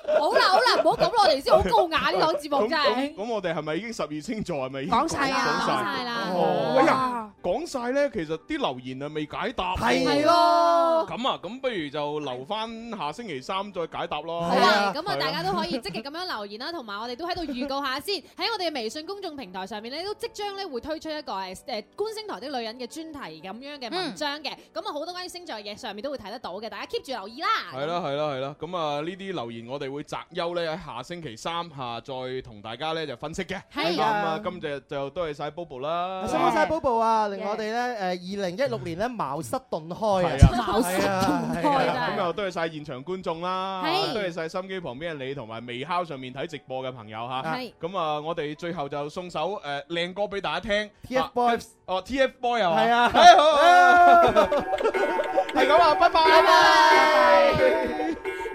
好啦好啦，唔好咁落嚟先，好高雅呢檔節目噶。咁咁，我哋係咪已經十二星座係咪？講晒啊，講晒啦。哇，講晒咧，其實啲留言啊未解答。係係咯。咁啊，咁不如就留翻下星期三再解答咯。係啊。咁啊，大家都可以積極咁樣留言啦，同埋我哋都喺度預告下先，喺我哋嘅微信公眾平台上面咧，都即將咧會推出一個誒誒，觀星台的女人嘅專題咁樣嘅文章嘅。咁啊，好多關於星座嘅嘢上面都會睇得到嘅，大家 keep 住留意啦。係啦係啦係啦，咁啊呢啲留言我哋會，擇優咧喺下星期三下再同大家咧就分析嘅，咁啊今次就多謝晒 Bobo 啦，多謝晒 Bobo 啊，令我哋咧誒二零一六年咧茅塞頓開啊，茅塞頓開啦，咁又多謝晒現場觀眾啦，多謝晒心機旁邊嘅你同埋微烤上面睇直播嘅朋友吓，咁啊我哋最後就送首誒靚歌俾大家聽，TFboys 哦 TF Boy 又係啊，係咁啊，拜拜。